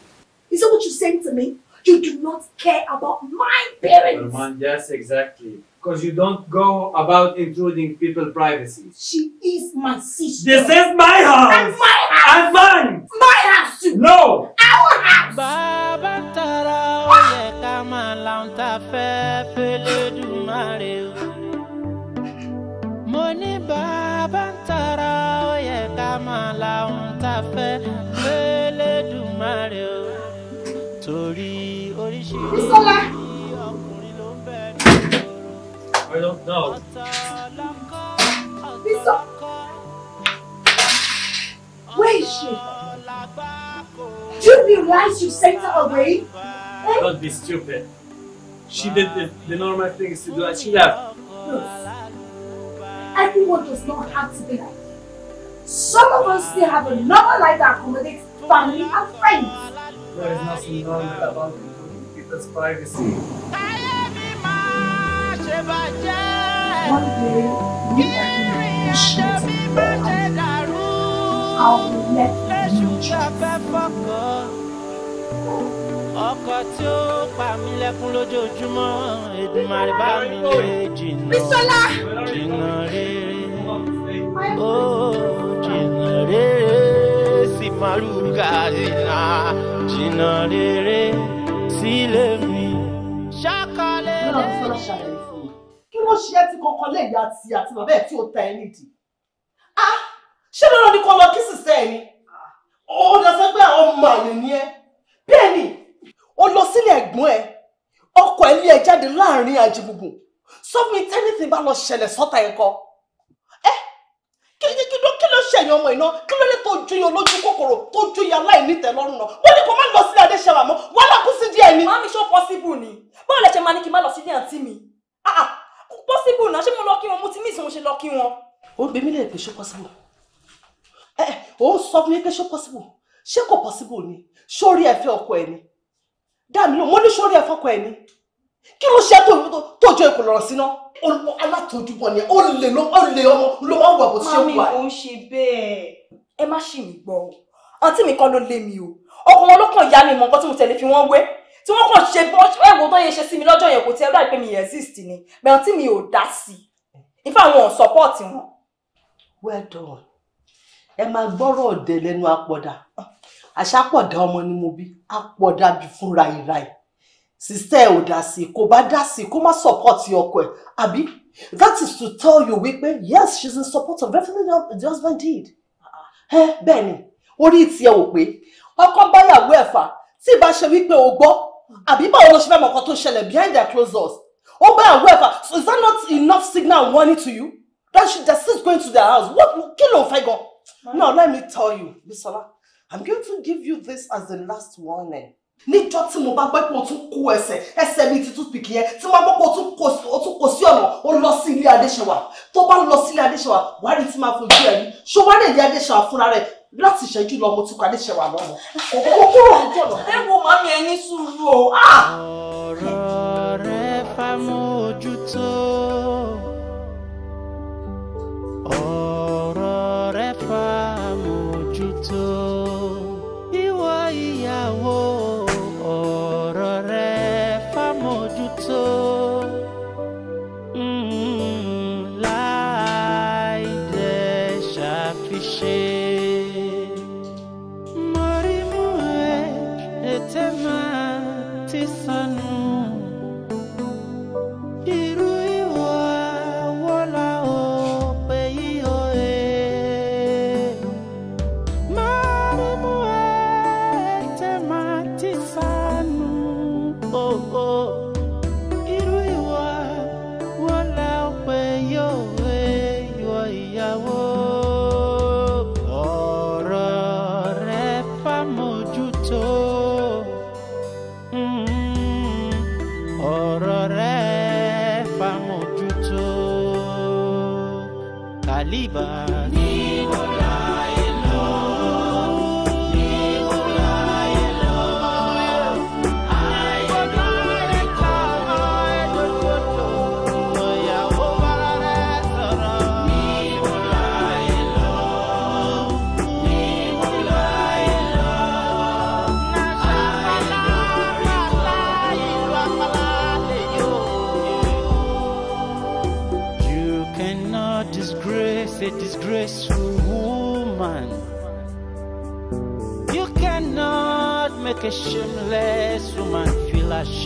Is that what you're saying to me? You do not care about my parents. Norman, yes, exactly. Because you don't go about intruding people's privacy. She is my sister. This is my house. And my house. And mine. My house too. No. Our house. Baba Tara Oye ah! Kama Launta Fe Pele Dumare Money Baba fẹ́ fẹ́lẹ́dùmarè o torí oríṣiríṣi ọkùnrin ló ń bẹ nínú ọ̀tọ̀ lọ́kọ Do you realize you sent her away? Eh? Don't be stupid. She did the, the normal things to do and she left. Look, everyone does not have to be like Some of us still have a normal life that accommodates family and friends. There is nothing wrong with allowing people's privacy. One day, we are going to be I'll let you ọkọ tí ó pa mí lẹ́kún lójoojúmọ́ Èdùmàrè bá mi lè jìnnà jìnnà rere. Oh, jìnnà rere sí màlúùgà jìnnà jìnnà rere sílé mi. Ṣákàlẹ̀ rẹ̀. Kí ló ṣe ẹ́ ti kọ́kọ́ lé ìyá àti àti bàbá ẹ̀ tí ó ta ẹ nídìí? Á ah, ṣé lọ́dọ̀ ni kò lọ kí sísẹ́ ẹ ni? Ó lọ sọ àwọn ọmọ àlè ni ẹ. Bẹ́ẹ̀ni, ó lọ sílé ẹ̀gbọ́n ẹ. Ọkọ ẹ̀ lé ẹ jáde láàrin àjìbùbù. Sọ tẹ́lifí bá lọ ṣẹlẹ̀ sọ́ta ẹ̀kọ́ ṣẹ̀yìn ọmọ iná kí ló dé tó yín olójú kòkòrò tó ju yín aláìnítẹ̀lọ́rùn náà wọ́n ní kó má lọ sílé adéṣẹ́wà mọ́ wàhálà kú sí díẹ̀ ni. mami ṣó possible ni báwo lẹ ṣe máa ní kí n má lọ sílé àǹtí mi ah, ah, possible náà ṣé mo lọ kí wọn mo ti mí ìsìn mo ṣe lọ kí wọn. ó ń bẹ mí lẹ́yìn ṣó possible ẹ ẹ ò ń sọ fún mi pé ṣó possible ṣé kò possible ni sórí ẹ̀fẹ́ ọkọ ẹ̀ ni dáàmì ló mo ní sórí ẹ̀fọ́ ọkọ ẹ̀ ni kí ló ṣe tó jọ ìkòlò ọ̀rọ̀ síná alátojúbọ ni ó lè ọmọ ló máa ń wà bó ti ṣe wà. mami ò ń ṣe bẹ́ẹ̀ ẹ má ṣì mí gbọ́ o àǹtí mi kan ló lé mi o ọkọ wọn ló kàn yá mi mọ nǹkan tí mo tẹ̀lé fi wọ́n wé tí wọ́n kàn ṣe ẹ̀wò tó yẹ ṣe sí mi lọ́jọ́ yẹn kò tiẹ̀ láì pé mi exist ni bẹ́ẹ̀ àǹtí mi ò dá sí i ifá àwọn ò support wọn. well done ẹ máa gbọ́rọ̀ ọ̀dẹ lẹ́nu àpọ̀dà àṣàpọ̀dà ọmọ ni mo bí àpọ̀dà bí fúnra ìra ẹ̀ sister ẹ ò dá sí i kò bá dá sí kó má support ọkọ ẹ àbí that is to tell you wípé yes she is in support of everything the husband did ẹ bẹ́ẹ̀ ni orí tiẹ̀ ò pé ọkọ báyàwó ẹ̀ fà tí ìbá ṣe wípé o gbọ́ àbí báwo ló ṣe fẹ́ mọ nǹkan tó ṣẹlẹ̀ behind their closed doors ó báyàwó ẹ̀ so is that not enough signal warning to you that she just she's going to their house what kí ló ń fẹ́ gan. no let me tell you Bisola I'm going to give you this as the last warning níjọ́ tí mo bá gbọ́ pé o tún kó ẹsẹ̀ ẹsẹ̀ mi ti tún pìkì yẹn tí mo bá gbọ́ pé o tún kó sí ọ̀nà o lọ sí ilé adéṣewà tó bá lọ sí ilé adéṣewà wàá rí tí máa fojú ẹ̀ ní ṣó wá lè di adéṣewà fúnra rẹ̀ láti ṣẹ́jú lọ mo ti kọ́ adéṣewà lọ́mọ. ọkọ kúrò níjọ́ lọ. ẹ wo màmí ẹni sùúrù o. Ah! ọ̀rọ̀ rẹ bá ojú tó.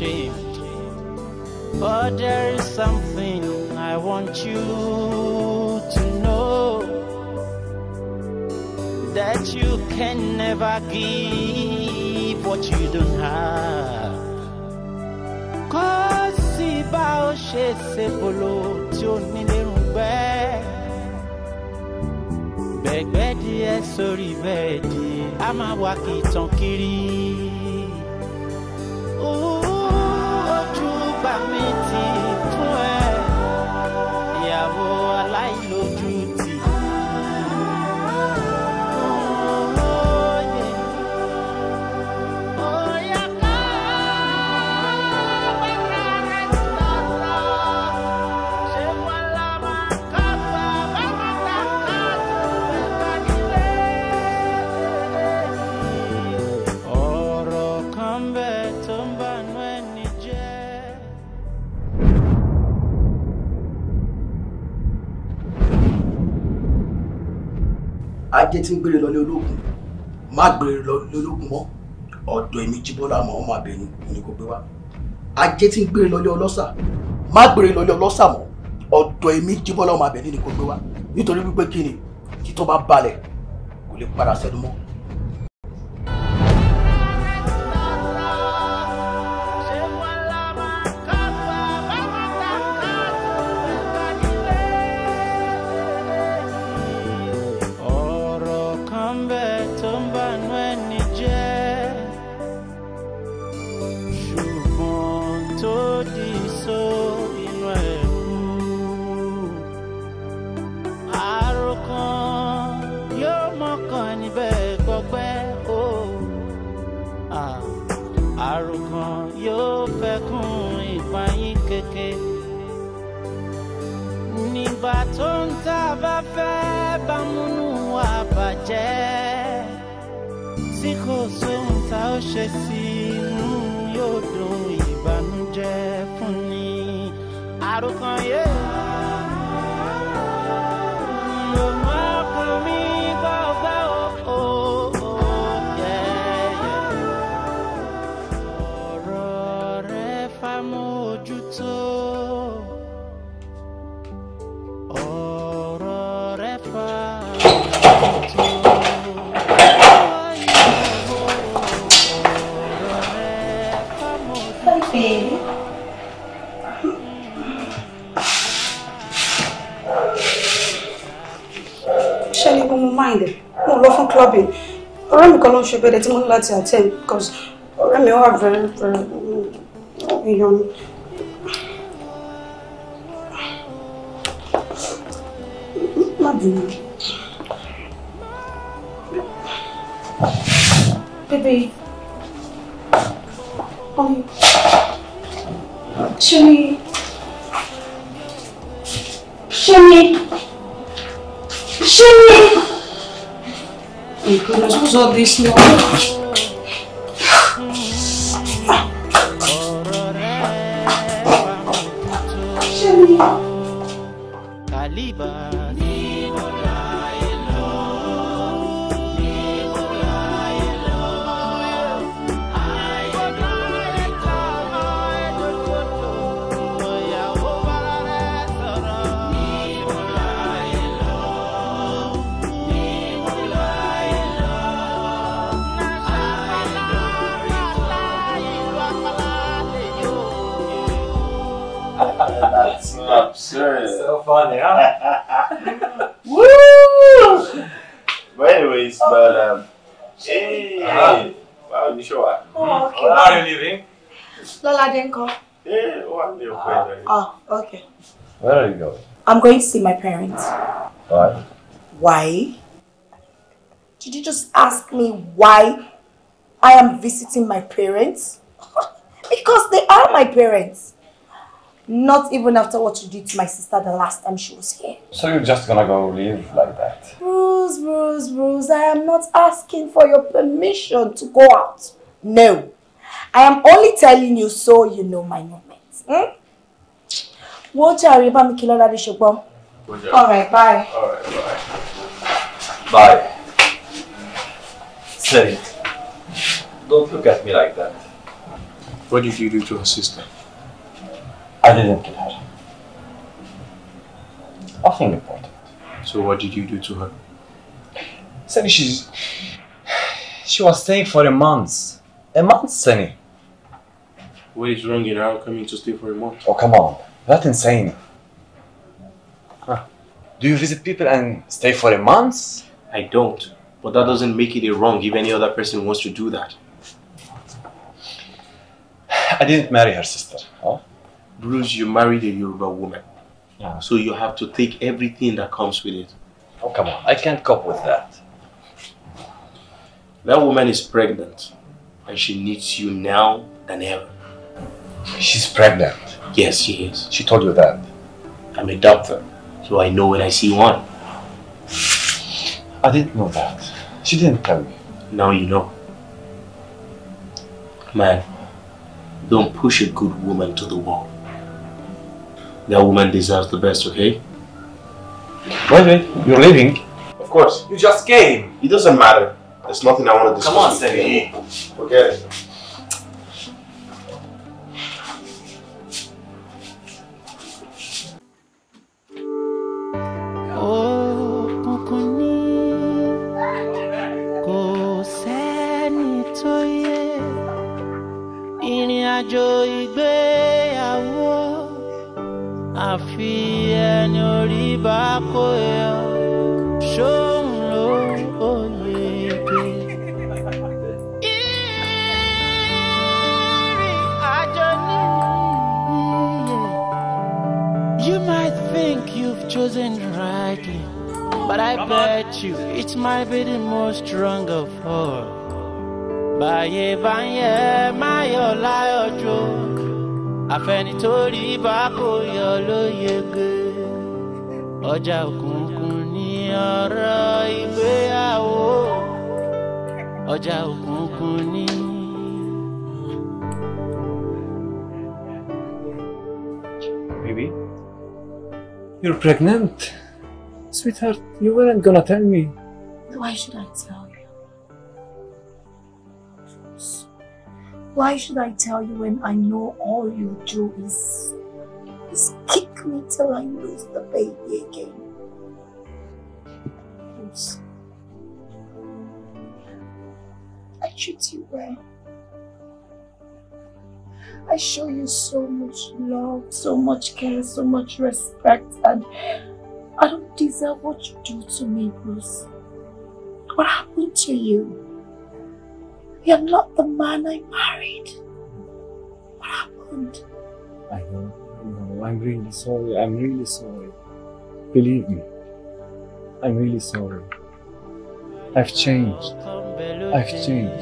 ashamed. But there is something I want you to know that you can never give what you don't have. Cause si ba o ṣe ṣe bolo tí o nílé rúgbẹ́. Bẹ̀gbẹ́ díẹ̀ sórí bẹ́ẹ̀dì, a máa wá kìtàn kiri. me ajé tí ń gbére lọ ní ológun má gbére lọ ní ológun mọ́ ọ̀dọ̀ èmi jíbọ́lá àmọ́ ọmọ abẹ́ni ni kò gbé wá ajé tí ń gbére lọ ní ọlọ́sà má gbére lọ ní ọlọ́sà mọ́ ọ̀dọ̀ èmi jíbọ́lá ọmọ abẹ́ni ni kò gbé wá nítorí wípé kí ni kí tó bá balẹ̀ kò lè padà sẹ́nu mọ́ ló ń ṣe bẹ́ẹ̀ tí mo ní láti attend because ọ̀rẹ́ mi wà very very èèyàn má bínú. Baby, um, Shemi, Shemi, Shemi. e que nós gozou disso logo. I'm going to see my parents. Why? Why? Did you just ask me why I am visiting my parents? [LAUGHS] because they are my parents. Not even after what you did to my sister the last time she was here. So you're just gonna go live like that? Bruce, Bruce, Bruce, I am not asking for your permission to go out. No. I am only telling you so you know my movements. Hmm? What are you mi kí lọ́la rí all right bye. all right bye. bye. Seri, don't look at me like that. What did you do to her sister? I didn't kill her. Nothing important. So what did you do to her? Sunny, she's... She was staying for a month. A month, Sunny. What is wrong in her coming to stay for a month? Oh, come on. That's insane. Huh. Do you visit people and stay for a month? I don't. But that doesn't make it wrong if any other person wants to do that. I didn't marry her sister. Huh? Oh. Bruce, you married a Yoruba woman. Yeah. So you have to take everything that comes with it. Oh, come on. I can't cope with that. That woman is pregnant. And she needs you now than ever. She's pregnant? Yes, she is. She told you that? I'm a doctor, so I know when I see one. I didn't know that. She didn't tell me. Now you know. Man, don't push a good woman to the wall. That woman deserves the best, okay? Wait, wait, you're leaving? Of course. You just came. It doesn't matter. There's nothing I want to discuss. Come on, Sammy. Forget it. òkùnkùn ní kò sẹ́ni chosen But I bet you it might be the most strong of all. Báyé báyé máyọ̀ láyọ̀ jó, tori bá kò yọ lóyege. Ọjà òkùnkùn ni ọ̀rọ̀ ìgbéyàwó. Ọjà òkùnkùn ni. Baby, you're pregnant. Sweetheart, you weren't gonna tell me. Why should I tell you? Why should I tell you when I know all you do is, is kick me till I lose the baby again? Please. I treat you well. I show you so much love, so much care, so much respect, and I don't deserve what you do to me, Bruce. What happened to you? You're not the man I married. What happened? I know, I know. I'm really sorry. I'm really sorry. Believe me. I'm really sorry. I've changed. I've changed.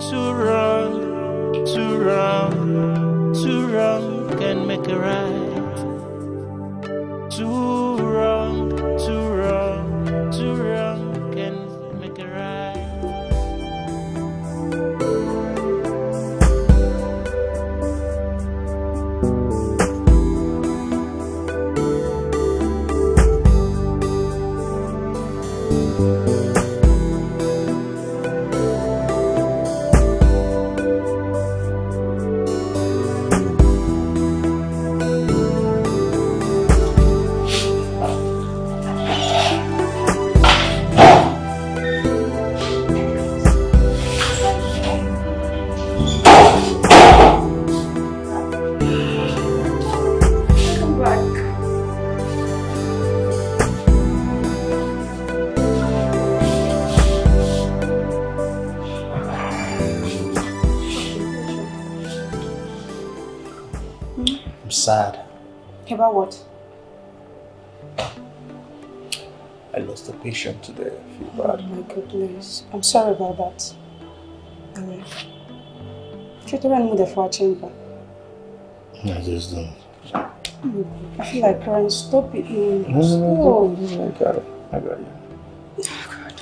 Too wrong, too wrong. Two wrong can make a right. Two wrong, two wrong. what? I lost a patient today. I feel oh bad. Oh my goodness. I'm sorry about that. Alright. Should I move the four chamber? I just don't. Hmm. I feel like crying. Stop it. No, no, no, no, I got it. I got you. Oh, God.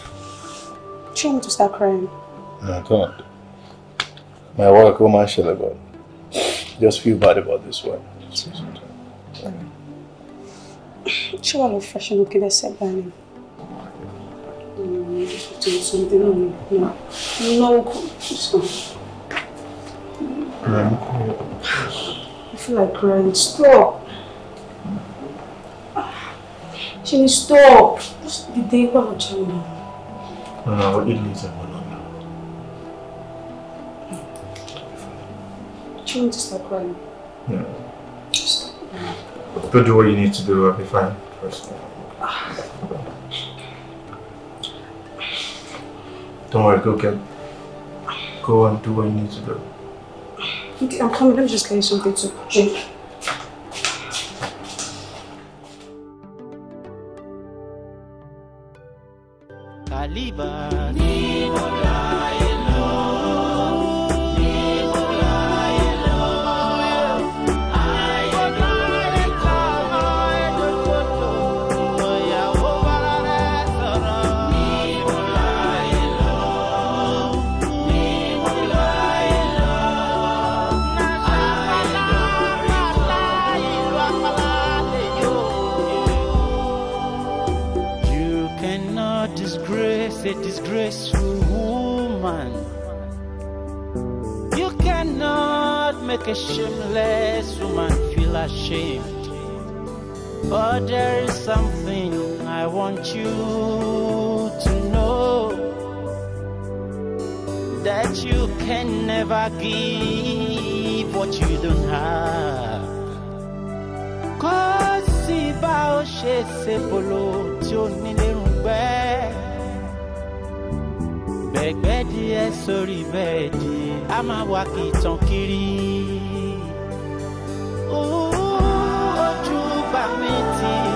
Do you want me to start crying? No, I can't. My work, oh my shell, Just feel bad about this one. ṣé wàá lọ fẹsẹ̀ lókè lẹ́sẹ̀ báyìí I feel like crying. Stop. Jimmy, stop. Just the day one of Jimmy. No, no, I will eat later, but not now. Jimmy, just stop crying. No, Stop. Go do what you need to do. I'll be fine. First. Don't worry. Go get. Go and do what you need to do. I'm coming. Let me just get you something to drink. Caliban. a shameless woman feel ashamed. But there is something I want you to know that you can never give what you don't have. Cause si ba o ṣe ṣe polo tí o nílé rúgbẹ́. Bẹ̀gbẹ́ díẹ̀ sórí a máa wá kiri. about me, tea.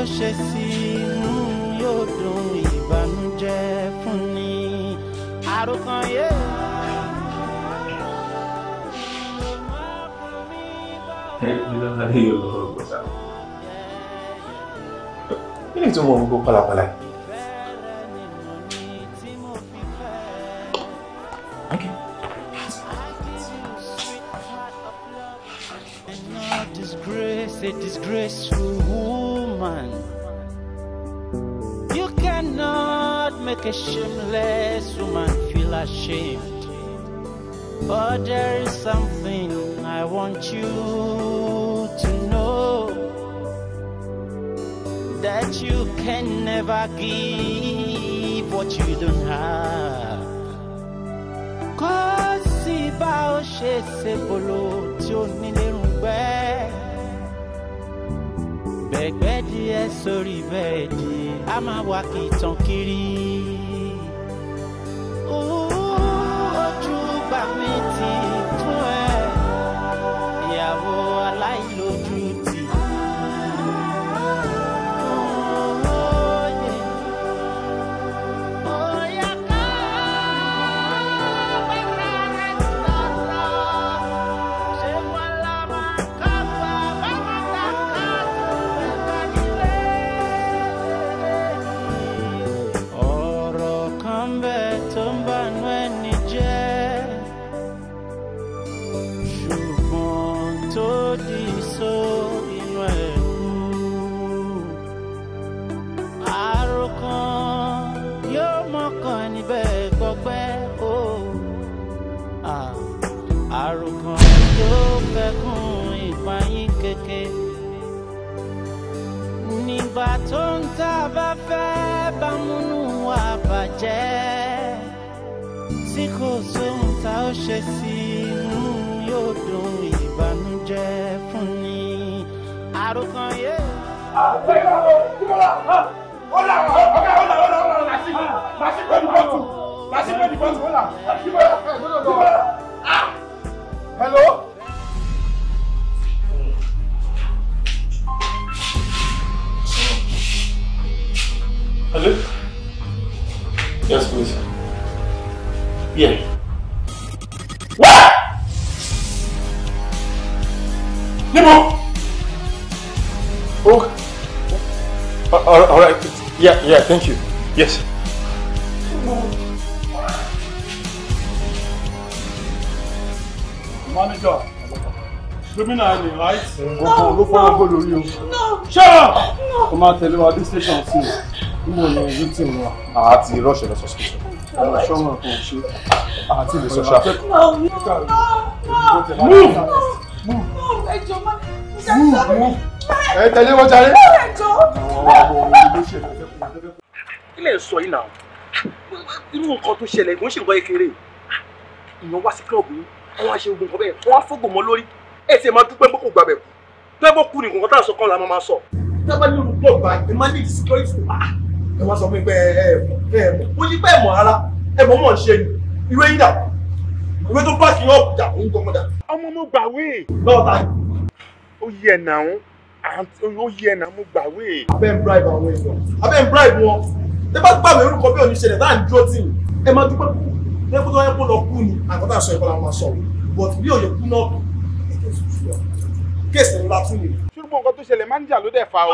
ó ṣe sí inú yóò dùn ìbànújẹ́ fún ni àròkàn yé. ẹ ló ń yóò lọ gbọ́dọ̀ kí ni tí mo ń yìí. a shameless woman feel ashamed. But there is something I want you to know that you can never give what you don't have. Cause if I se bolo tí ó nílé rúgbẹ́. Bẹ̀gbẹ́ díẹ̀ sórí bẹ́ẹ̀dì, a máa kiri. me Yeah, thank you. Yes. Manager, criminal ni right? No. No. No. Come Gbogbo ló fọwọ́ gbó lórí o. Ṣọ́ọ̀! Ó máa tẹ̀lé wa dé station sí i. Mo ní ojú tí mo wà. Àá ti rọ́ọ̀ṣẹ̀ lọ sọ́sọ́. Ọ̀rọ̀ ṣọ́mọ̀ kò ṣe. no, no, no, no, Move! Move! Move! Ẹ tẹ̀lé wọ́n jàre. tó ṣẹlẹ̀ ìgbọ́n ṣì ń gbọ́ kékeré ìyàn wá sí kílọ̀bù yìí wọ́n á ṣe ogun kan bẹ́ẹ̀ wọ́n á fógbò mọ́ lórí ẹ̀ tiẹ̀ máa dúpẹ́ pé kò gbàbẹ̀ kú tẹ́ bó kú ni nǹkan tá a ń sọ kán la máa sọ. tábà ní olú pọ̀ gbà ẹ máa ní security wa ah, ẹ wá sọ fún mi pé ẹ ẹ mọ̀ ó yí pé ẹ mọ̀ ara ẹ mọ̀ mọ̀ ń ṣe ìwé yín dà ìwé tó bá kì í ọ̀dà òun gbọ́n dà. ọmọ mo gbàwé. lọ́ọ̀ta ó yẹ nàún ó yẹ nàún mo gbàwé. abẹ́ ń bribe àwọn èèyàn abẹ́ ń bribe ẹ máa dúpẹ́ kú lẹ́kọ́ tó yẹ kó lọ kú ni àkọ́tà sọ ẹ̀kọ́ làwọn máa sọ but bí òye kú náà kéèsì ńlá tún ni. ṣùgbọ́n nǹkan tó ṣẹlẹ̀ máníjà ló dẹ̀ fa o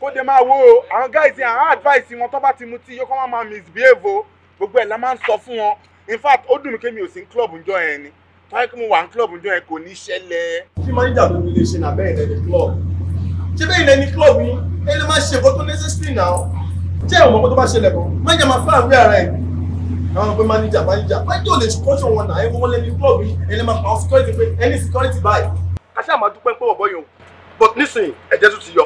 kó dẹ̀ máa wo àwọn guys yẹn àwọn advice wọn tó bá ti mutí yóò kọ́ máa máa misbehave o gbogbo ẹ̀ la máa ń sọ fún wọn in fact ó dùn mí kémi ò sí club ńjọ yẹn ni tọ́yẹ́ kí mo wà ní club ńjọ yẹn kò ní ṣẹlẹ̀. kí máníjà ló lè ṣe nà bẹ́ẹ̀ lẹ́ni club ṣé bẹ́ẹ̀ lẹ́ni club ni ẹ lè máa ṣe ìbọn tó necessary now jẹ́ ìwọ̀n kó tó bá ṣẹlẹ̀ kan máníjà máa fún àwẹ̀ ara àwọn pé manager manager manager ò lè sponsor wọn náà ẹ̀wọ̀n lẹ́ni club yìí ẹni máa pa security pé ẹni security báyìí. a ṣáà máa dúpẹ́ pé ọ̀bọ yòó but nísìnyí ẹ̀jẹ̀ tún ti yọ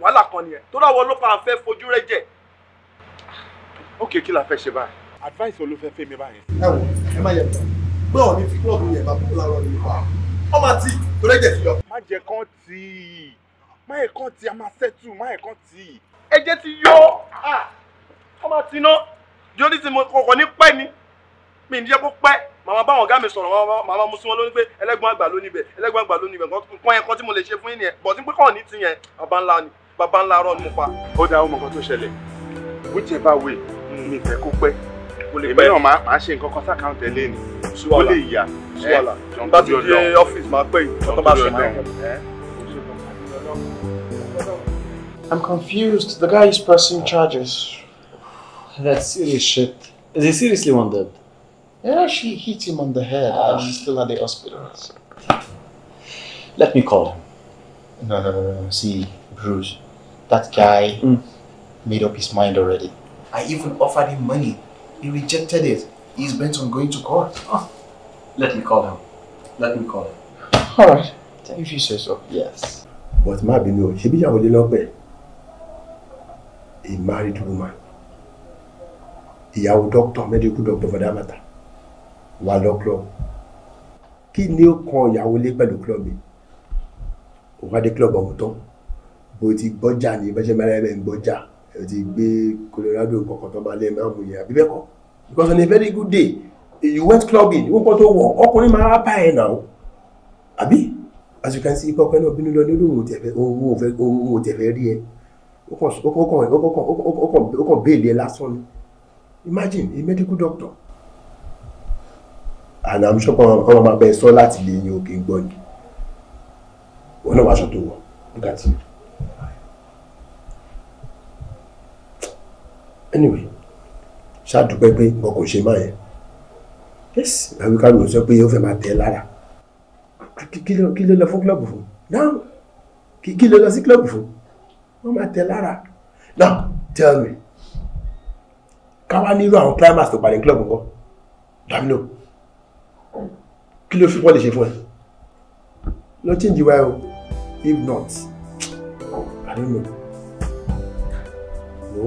wàhálà kan nìyẹn tó dáwọ́ ọlọ́pàá fẹ́ fojú rẹ jẹ́ ok kí la fẹ́ ṣe báyìí. advice wo ló fẹ́ fẹ́ mi báyìí. ẹ wò ẹ má yẹ gbọ́ ọ̀ ní fi club yẹn bá kúkú láàárọ̀ ní ìlú ọmọ àti ìtòlẹ́jẹ̀ ti yọ. má jẹ kán tì í má yẹ kán tì í a máa ṣẹ́tù má yẹ kán jórí tí mo ní pẹ́ ni mi ní jẹ́ kó pẹ́ màmá báwọn ọ̀gá mi sọ̀rọ̀ màmá mo sún wọn lónìí pé ẹlẹ́gbọ́n àgbà ló níbẹ̀ ẹlẹ́gbọ́n àgbà ló níbẹ̀ nǹkan yẹn kan tí mo lè ṣe fún yín nìyẹn bọ̀ sí pé kàn ní ti bàbá ńlá ni bàbá ńlá rọ ni mo pa. ó dá ọmọ kan tó ṣẹlẹ̀ wíjẹ bá wẹ̀ mi fẹ́ kó pẹ́ èmi náà máa ṣe nǹkan kan sákàùn tẹ̀lé ni ó lè yà bá ti di ọ́fíìsì máa pẹ́ yìí ọ̀tọ́ bá ṣe náà. I'm confused. The guy is pressing charges. that's serious shit. They seriously wounded. Yeah, she hit him on the head and he's ah. still at the hospital. Let me call him. No, no, no, no. See, Bruce, that guy mm. made up his mind already. I even offered him money. He rejected it. He's bent on going to court. Oh. Let me call him. Let me call him. Alright. If you say so. Yes. But Mabino, she be a He married woman. ìyàwó dókítà medical doctor for that matter wà lọ club kí ni ó kan ìyàwó lé pẹ̀lú club yìí òun adé club ọ̀hún tán bó ti gbọ́jà ní bẹ́sẹ̀ mẹ́rin ẹ̀ ń gbọ́jà ẹ̀ ti gbé Colorado kọ̀ọ̀kan tó bá lé máa mú yẹn àbí bẹ́ẹ̀ kọ́ because on a very good day you went clubbing ó kọ́ tó wọ̀ ọkùnrin máa bá ẹ̀ náà àbí as you can see kọ́kọ́ náà bínú lọ ní olóhùn tẹ̀fẹ́ ohun ò tẹ̀fẹ́ rí ẹ ó kàn béèlì ẹ lásán ni imagine a medical doctor and i'm sure kọ́ ọ́n máa bẹ sọ láti lè yan òkè gbọ́ ni wọn náà wàá sọ tó wọ look at you anyway ṣáàdúpẹ́ pé nǹkan kò ṣe máa yẹn yes ìgbàgbé kánú sọ pé ó fẹ́ máa tẹ̀ lára kí ló lọ fún kílọ̀bù fún now kí ló lọ sí kílọ̀bù fún wọ́n máa tẹ̀ lára now tell me káwá nírú àwọn climax tó pàdé club nǹkan damino kí ló fi bọ́ọ̀lù ṣe fún ẹ lọ change wa o if not i don't know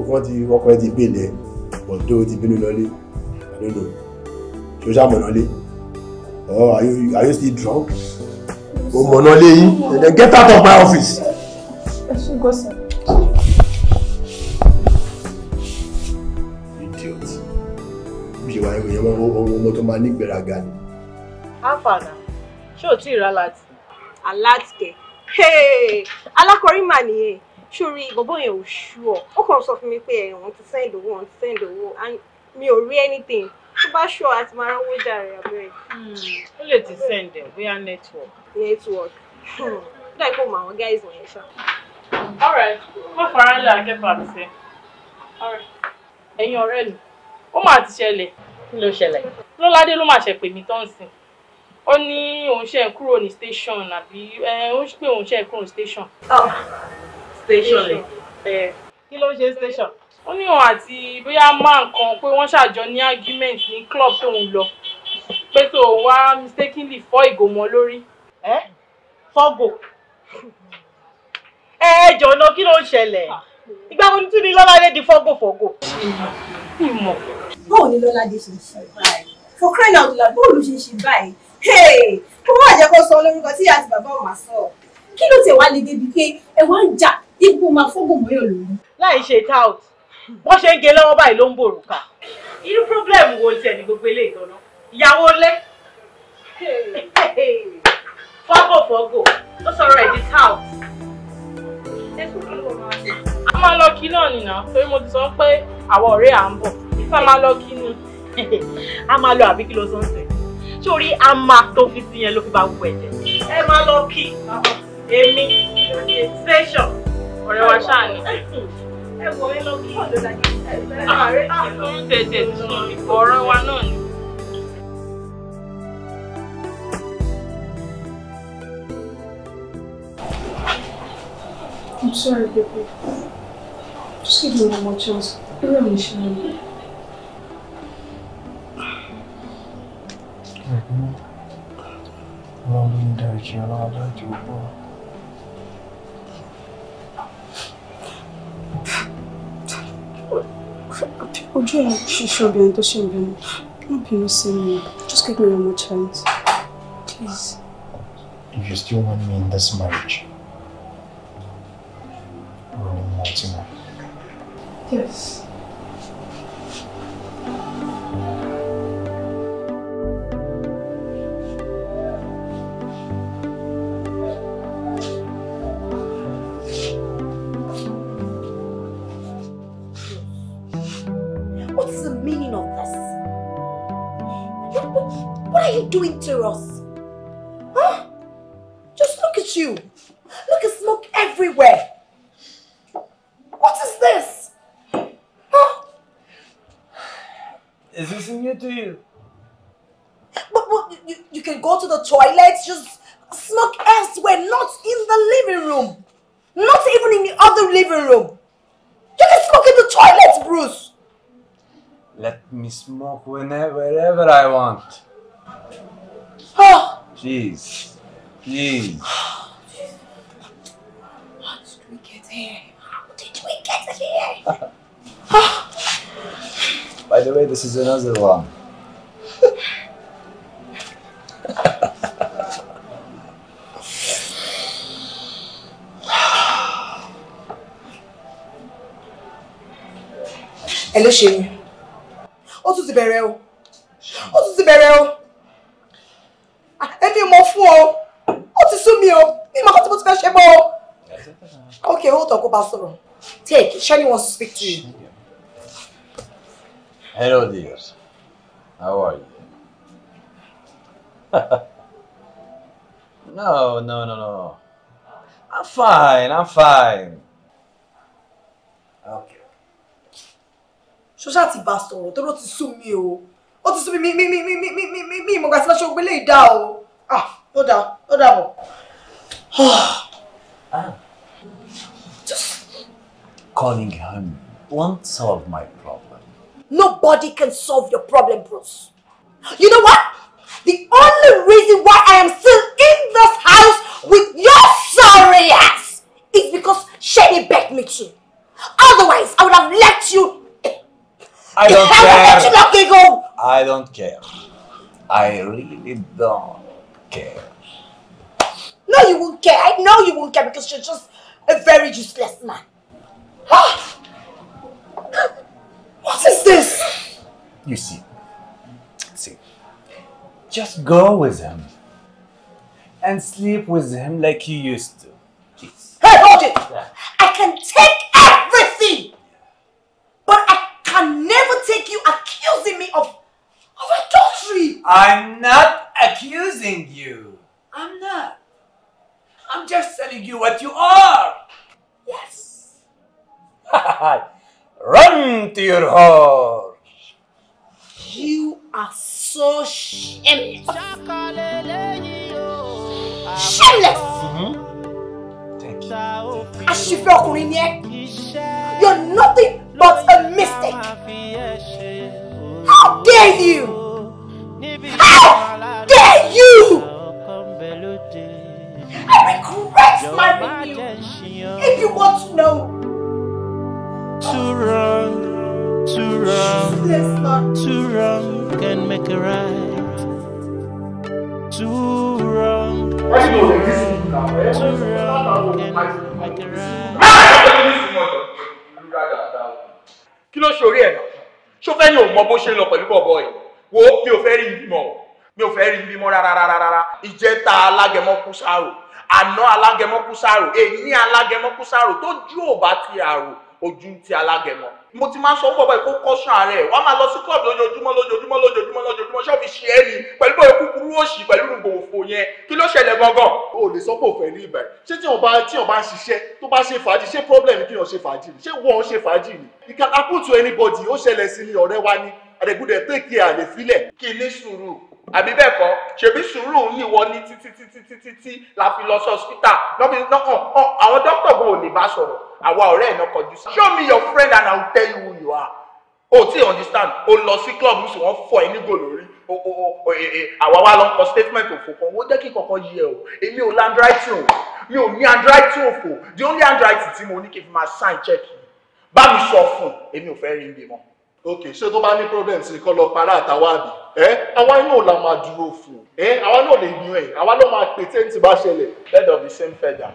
wọ́n ti ọkọ̀ ẹ ti bèèlè ọ̀dọ́ ti bínú lọlé i don't know ṣe o ṣàmọ̀ lọlé oh are you, are you still drunk o mọ̀ lọlé yín then get out of my office. ẹ ṣe gọ́sẹ̀. ìwà ìròyìn ọmọ tó máa nígbéraga ni. àfàdà ṣé ò tí ì ra láti. alátìkẹ alákọrí mà nìyẹn sórí bọbọ yẹn ò ṣú ọ ó kàn sọ fún mi pé ẹwọn ti send owó wọn ti send owó mi ò rí anything tó bá ṣọ àti máa rówó jàre abẹ́rẹ́. Hmm, ó lè ti send ẹ bóyá network. network hmm, ó dà kó mọ àwọn guys wọ̀nyẹn ṣá. alright mo fara ń lè akẹ́kọ̀ọ́ àti sẹ́ ẹ̀yin ọ̀rẹ́ mi ó máa ti ṣẹlẹ̀ kí ló ṣẹlẹ̀ lọ́ládé ló máa ṣe pè mí tán sí ó ní òun ṣe ń kúrò ní station àbí ó ń pè òun ṣe ń kúrò ní ah. station. station ẹ kí ló ń ṣe station. ó ní òun àti bóyá máa nǹkan pé wọ́n ṣàjọ ní argument ní club tóun lọ pé tó wá mistakenly fọ́ ìgò mọ́ lórí. ẹ fọ́gò ẹ jọ̀ọ́ náà kí ló ń ṣẹlẹ̀ ìgbà wo ni tún ni lọ́ládé di fọ́gò fọ́gò báwo ni Lọ́ládé ṣe ṣe báyìí for crying out loud báwo ló ṣe ń ṣe báyìí kó má jẹ́ kó sọ lórúkọ tí àti bàbá ò máa sọ kí ló tẹ̀ wá lè débi pé ẹ wá ń jà ipò máa fọ́gùn mọ́yọ̀ lórí. láì ṣe tout wọ́n ṣe ń gé lọ́wọ́ báyìí ló ń bòrò ká irú problem wo tiẹ̀ ní gbogbo eléyìí gan-an ìyàwó lẹ́ fọ́gòfọ́gò ó sọ̀rọ̀ ẹ̀ di tout a máa lọ kí náà nìyà torí mo ti sọ pé àwọn ọ̀rẹ́ à ń bọ̀ sá máa lọ kí ni [LAUGHS] a máa lọ àbí kí ló sọ ń sẹ a máa tó fi sí yẹn ló fi bá wù ẹ jẹ ẹ máa lọ kí èmi station ọ̀rẹ́ wa ṣáà ni [LAUGHS] ẹ wọ ẹ lọ kí ah, ah. I'm sorry, baby. Just give me one more chance. You're really shining. 绝了那主播。ojú don't being missing me just give me one more chance please. if you still want me in this marriage yes. living room. You can smoke in the toilet, Bruce. Let me smoke whenever, wherever I want. Oh. Jeez. Jeez. Oh, How did we get here? How did we get here? [LAUGHS] By the way, this is another one. ẹ ló ṣe yín ó tún ti bẹ̀rẹ̀ o ó tún ti bẹ̀rẹ̀ o ah, ẹbí mo fún ọ ó ti sú mi o mi máa kọ́ tí mo ti fẹ́ ṣe bọ́ o ok hold on kó bá sọ̀rọ̀ take Shani wants to speak to you. hello dear how are you. [LAUGHS] no no no no I'm fine I'm fine. okay ṣọ́ṣà ti bá sọ̀rọ̀ tó ló ti sú mi o ó ti sú mi mi mi mi mi mi mi mi tí wọ́n ṣe ó gbélé ìdá o ah ó dà ó dà bọ̀. Ah. Calling home won't solve my problem. Nobody can solve your problem, Bruce. You know what? The only reason why I am still in this house with your sorry ass is because Shelly begged me to. Otherwise, I would have let you I don't care. Not I don't care. I really don't care. No, you won't care. I know you won't care because you're just a very useless man. Huh? What is this? You see, see, just go with him and sleep with him like you used to. Please. Hey, hold it! Yeah. I can take I'm not accusing you. I'm not. I'm just telling you what you are. Yes. [LAUGHS] Run to your horse. You are so shameless. shameless. Mm-hmm. Thank you. Aṣiwèrè you You're nothing but a mistake. How dare you? How dare you! I regret my you. If you want to know. Too wrong, too wrong, too wrong can make a right. Too wrong, too wrong, too wrong can make a right. Kí ló ṣorí ẹ̀ náà? Ṣó fẹ́ ni òun mọ bó ṣe lọ pẹ̀lú bọ̀bọ̀ yìí? Wo bí o fẹ́ rí ibi mọ̀? mi ò fẹ́ rí ibi mọ́ rárá rárá ìjẹta alágẹmọ kú sáàrò àná alágẹmọ kú sáàrò èyí alágẹmọ kú sáàrò tó ju òbá ti àrò ojú ti alágẹmọ mo ti máa ń sọ fún bọ́bọ́ ìkó kọ́sùn ààrẹ wàá máa lọ sí club lójoojúmọ́ lójoojúmọ́ lójoojúmọ́ lójoojúmọ́ ṣọ́ọ̀bù ṣe é ni pẹ̀lú bóyá kúkúrú òṣì pẹ̀lú rúgbò òfò yẹn kí ló ṣẹlẹ̀ gangan. o lè sọ pé òfin ní ìbẹ̀rẹ̀ ṣé tí wọn bá tí wọn bá ń ṣiṣẹ́ tó bá ṣe fàájì ṣé problem kí wọn ṣe fàájì ni ṣé wọn ṣe fàájì ni it can anybody ó ṣẹlẹ̀ sí ni ọ̀rẹ́ wa ni àdẹ̀gúdẹ̀ take care àdẹ̀fílẹ̀ kí ní sùúrù àbí bẹ́ẹ̀ kọ́ ṣebí sùúrù ń yíwọ ní títí títí títí tí la fi lọ sí hospital lọ́bí lọ́kàn àwọn dókítà gan ò lè bá sọ̀rọ̀ àwa ọ̀rẹ́ ẹ̀ náà kọjú sí. show me your friend and i will tell you who you are. o ti understand o lọ sí club ní sùn wọ́n fọ ẹ ní gòlò rí e, e, àwa wa lọ ń kọ statement òfò kan owó jẹ́ kí kankan yẹ o èmi ò landrighting o mi ò ní handwriting òfò the only handwriting tí mo ní kí n fi máa sign check bá mi sọ fún èmi ò fẹ́ rí ibi mọ́ ok ṣé tó bá ní problem sí kọ́ lọ para àtàwọn àbí ẹ àwa náà la máa dúró fún ẹ àwa náà lè yan ẹ àwa náà máa pè tẹ́ ti bá ṣẹlẹ̀. bed of the same feather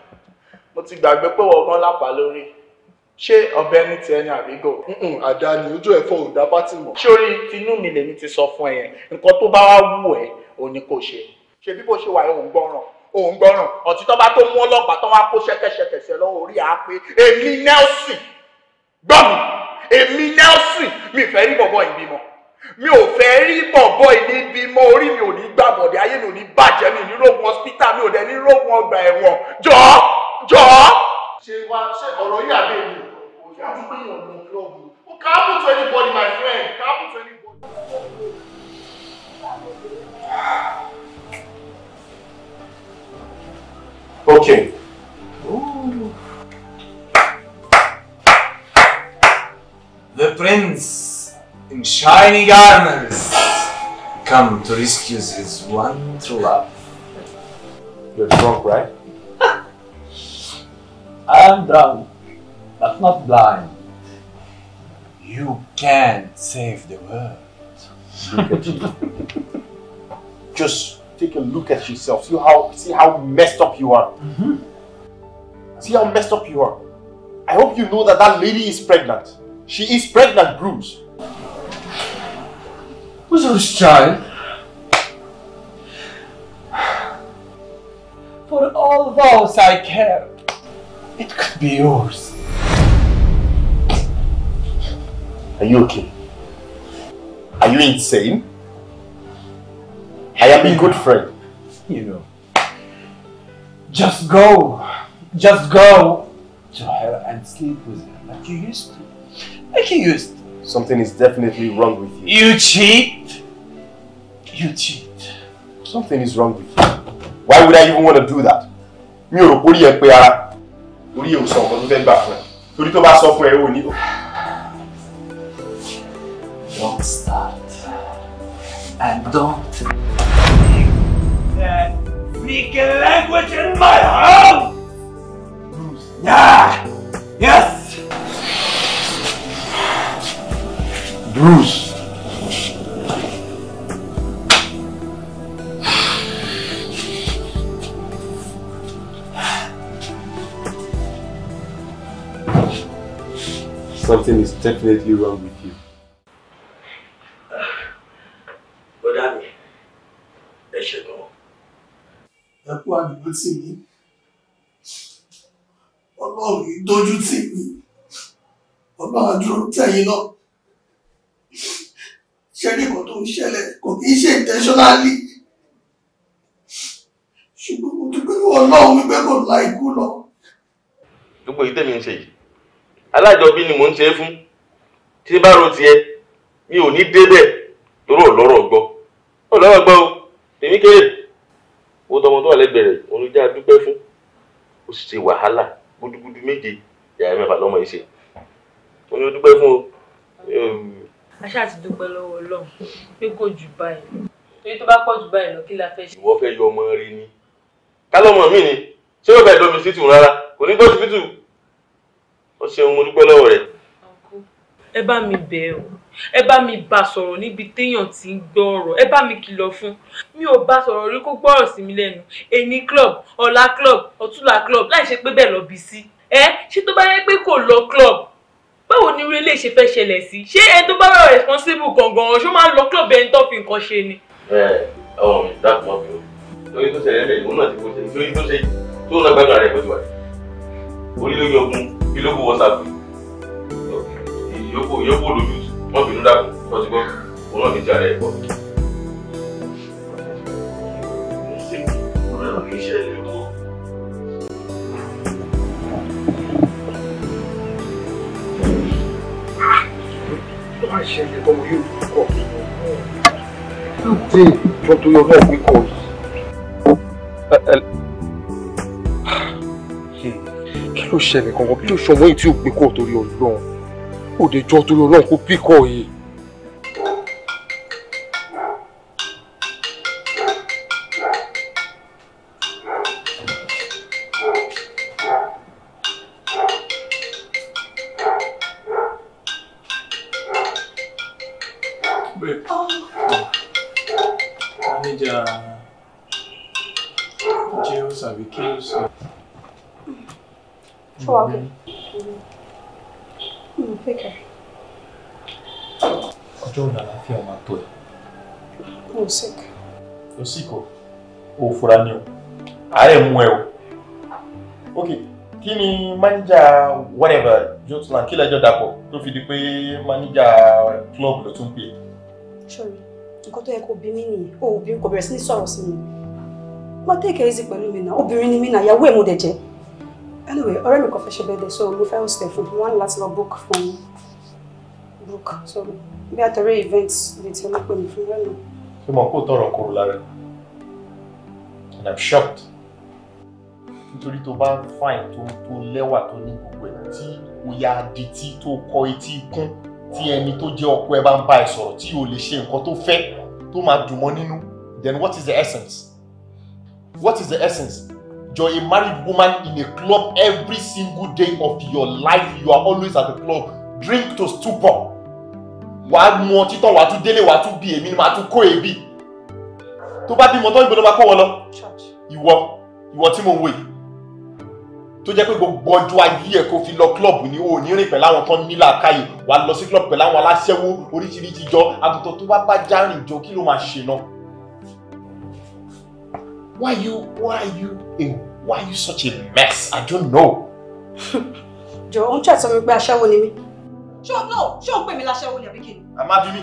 mo ti gbàgbé pé wọ́n lápá lórí ṣé ọbẹ̀ ní tiẹ̀ ní àbígò. àdáni ojú ẹ̀ fọ òǹdà bá ti mọ̀. sórí tinú mi lèmi ti sọ fún ẹ yẹn nǹkan tó bá wá wù ẹ òní kò ṣe ṣe bí bó ṣe wà ẹ òun gbọ́ràn òun gbọ́ràn ọ̀títọ́ bá tó mú ọlọ́pàá tán wá kó ṣẹ́kẹ́ṣẹkẹ̀ṣẹ̀ lọ́wọ́ orí àápé èmi Nelson gbọ́ mi èmi Nelson mi fẹ́ rí bọ̀bọ̀ yìí bímọ mi ò fẹ́ rí bọ̀bọ̀ yìí bímọ orí mi ò ní gbà bọ̀dẹ̀ ayé mi ò ní bàjẹ́ mi ní rògùn hospital mi ò dẹ̀ ní rògùn ọgbà ẹ̀wọ̀n jọ jọ. ṣé wá ṣe ọ̀rọ̀ yìí àbẹ̀ mi ò yá dúpẹ́ ìwọ̀n mi lọ́wọ́ o kà á bù to anybody my friend kà á bù to anybody. okay. Ooh. the prince in shiny garments come to rescue his one true love. You're drunk, right? [LAUGHS] I'm drunk, but not blind. You can't save the world. [LAUGHS] Just take a look at yourself. See how see how messed up you are. Mm -hmm. See how messed up you are. I hope you know that that lady is pregnant. She is pregnant, Bruce. Who's this child? For all those I care, it could be yours. Are you okay? Are you insane? I am a good friend. You know. Just go. Just go to her and sleep with her like you used to. making you... Something is definitely wrong with you. You cheat! You cheat. Something is wrong with you. Why would I even want to do that? Mi ò rò pé orí ẹ pé ara. Orí ẹ ò sọ nǹkan tó fẹ́ gbà fún ẹ. Torí tó bá oh. Don't start. And don't. That speaking language in my home. Yeah! Yes! Bruce. Something is definitely wrong with you. But Bọ́dá mi, ẹ ṣe gan. Ẹ kú àdúgbò tì mí. Ọlọ́run yìí dójú tì don't Ọlọ́run àdúró tẹ̀yìn know? ṣe rí nǹkan tó ń ṣẹlẹ̀ kò kì í ṣe intentionally ṣùgbọ́n mo dúpẹ́ lọ́wọ́ ọlọ́run wípé kò la ikú lọ. gbogbo èyí tẹ̀mí ń ṣe yìí alájọbí ni mò ń ṣe é fún tí bá ro tiẹ̀ mi ò ní débẹ̀ lóró lọ́rọ̀ gbọ́ ó lọ́rọ̀ gbọ́ o èmi kéré owó tọmọ tó wà lẹ́gbẹ̀ẹ́ òun já dúpẹ́ fún ó sì ṣe wàhálà gudugudu méje yàrá mẹ́fà lọ́mọ yìí ṣe òun ló dúpẹ́ fún o. Ehm, a ṣáà ti dúpẹ́ lọ́wọ́ Ọlọ́run pé kò jù báyìí lọ torí tó bá pọ̀ jù báyìí lọ kí la fẹ́ ṣe. ìwọ fẹ́ yọ ọmọ rí ni kálọ́mọ mi ni ṣé yóò fẹ́ dọ́mi sítù rárá kò ní dọ́sí sítù ó ṣeun mo dúpẹ́ lọ́wọ́ rẹ̀. ẹ bá mi bẹ̀ ọ́ ẹ bá mi bá sọ̀rọ̀ níbi téèyàn ti ń gbọ́ ọ̀rọ̀ ẹ bá mi kìlọ̀ fún mi ò bá sọ̀rọ̀ rí kó gbọ́rọ̀ sí mi lẹ́nu èní club ọ̀la club ọ̀túnla club láì ṣe pé bẹ́ẹ̀ lọ bí sí ẹ ṣé tó bá yẹ pé kò lọ club báwo ni irú eléyìí ṣe fẹ́ ṣẹlẹ̀ sí ṣé ẹni tó bá rà responsible gangan ṣó máa ń lọ club ẹni tó fi nǹkan ṣe ni. ẹ ọmọ mi dákun mọ mi o lórí tó ṣẹlẹ̀ lẹ́yìn òun náà ti kó ṣe lórí tó ṣe tó náà gbàgbà rẹ̀ pẹ̀lú ẹ̀ orí ló yọkun kí ló kó wọ́sàp ìyókò ìyókò lójú wọn bínú dákun tó ti gbọ́ òun náà ti ti àrẹ ẹ̀ pọ̀. ṣé ìṣẹ̀lẹ̀ máa ń ṣẹlẹ̀ tọmọ yóò fi kọ̀ mí. láti ìjọ tó yọ náà pé kọ̀ yìí. kí ló ṣẹlẹ̀ kankan kí ló ṣọmọ yìí tí ò pé kọ̀ torí ọlọ́run òde jọ torí ọlọ́run kó pé yìí. Oh, okay. Mm, take care. Ọjọ́ ọ̀la àlàáfíà máa tó ẹ̀. I'm sick. You're sick Oh, for a new. I am well. Okay, kí manja mánìjà whatever Jotunland kí lẹ́jọ́ dapọ̀ tó fi di pé manja club ló tún pè Sorry, nǹkan tó yẹ kó bí mí nìyẹn. O ò bí kò bẹ̀rẹ̀ sí ní sọ̀rọ̀ mi. Má take it easy pẹ̀lú mi náà. Obìnrin ni mí náà, ìyàwó ẹ̀ mo dẹ̀ jẹ́ anyway ọ̀rẹ́ mi kan fẹ́ ṣe so we fell host ẹ̀ one last láti book from book so we had event lè ti ọmọ pè mí fún rẹ̀ náà. ṣé mo kó tọrọ kúrò lára and i'm shocked To little bad fine to to lẹ́wà tó ní gbogbo ẹ̀ tí òyà adití tó kọ etí kún tí ẹni tó jẹ́ ọkọ ẹ bá ń bá ẹ sọ̀rọ̀ tí ò lè ṣe nǹkan tó fẹ́ tó then what is the essence what is the essence you're a married woman in a club every single day of your life you are always at the club drink to stupor wàá mu ọtí tán wàá tún délé wàá tún bí èmi ni màá tún kó èébì tó bá bímọ tán ìgbọ́dọ̀ bá kó wọn lọ ìwọ ìwọ tí mo ń wò yìí tó jẹ́ pé gbogbo ọjọ́ ayé ẹ̀ kó fi lọ club ní o ní rìn pẹ̀lú àwọn tán nílà káyè wàá lọ sí club pẹ̀lú àwọn aláṣẹ́wó oríṣiríṣi jọ àgùntàn tó bá bá járìn jọ kí ló máa ṣe náà. Why you, why are you, why are you such a mess? I don't know. Joe, ó ń to make me aṣẹ́wó ni mí. Ṣé o náà, ṣé o ń pè mí láṣẹ́wó ni àbí kí ni? Má bí mi,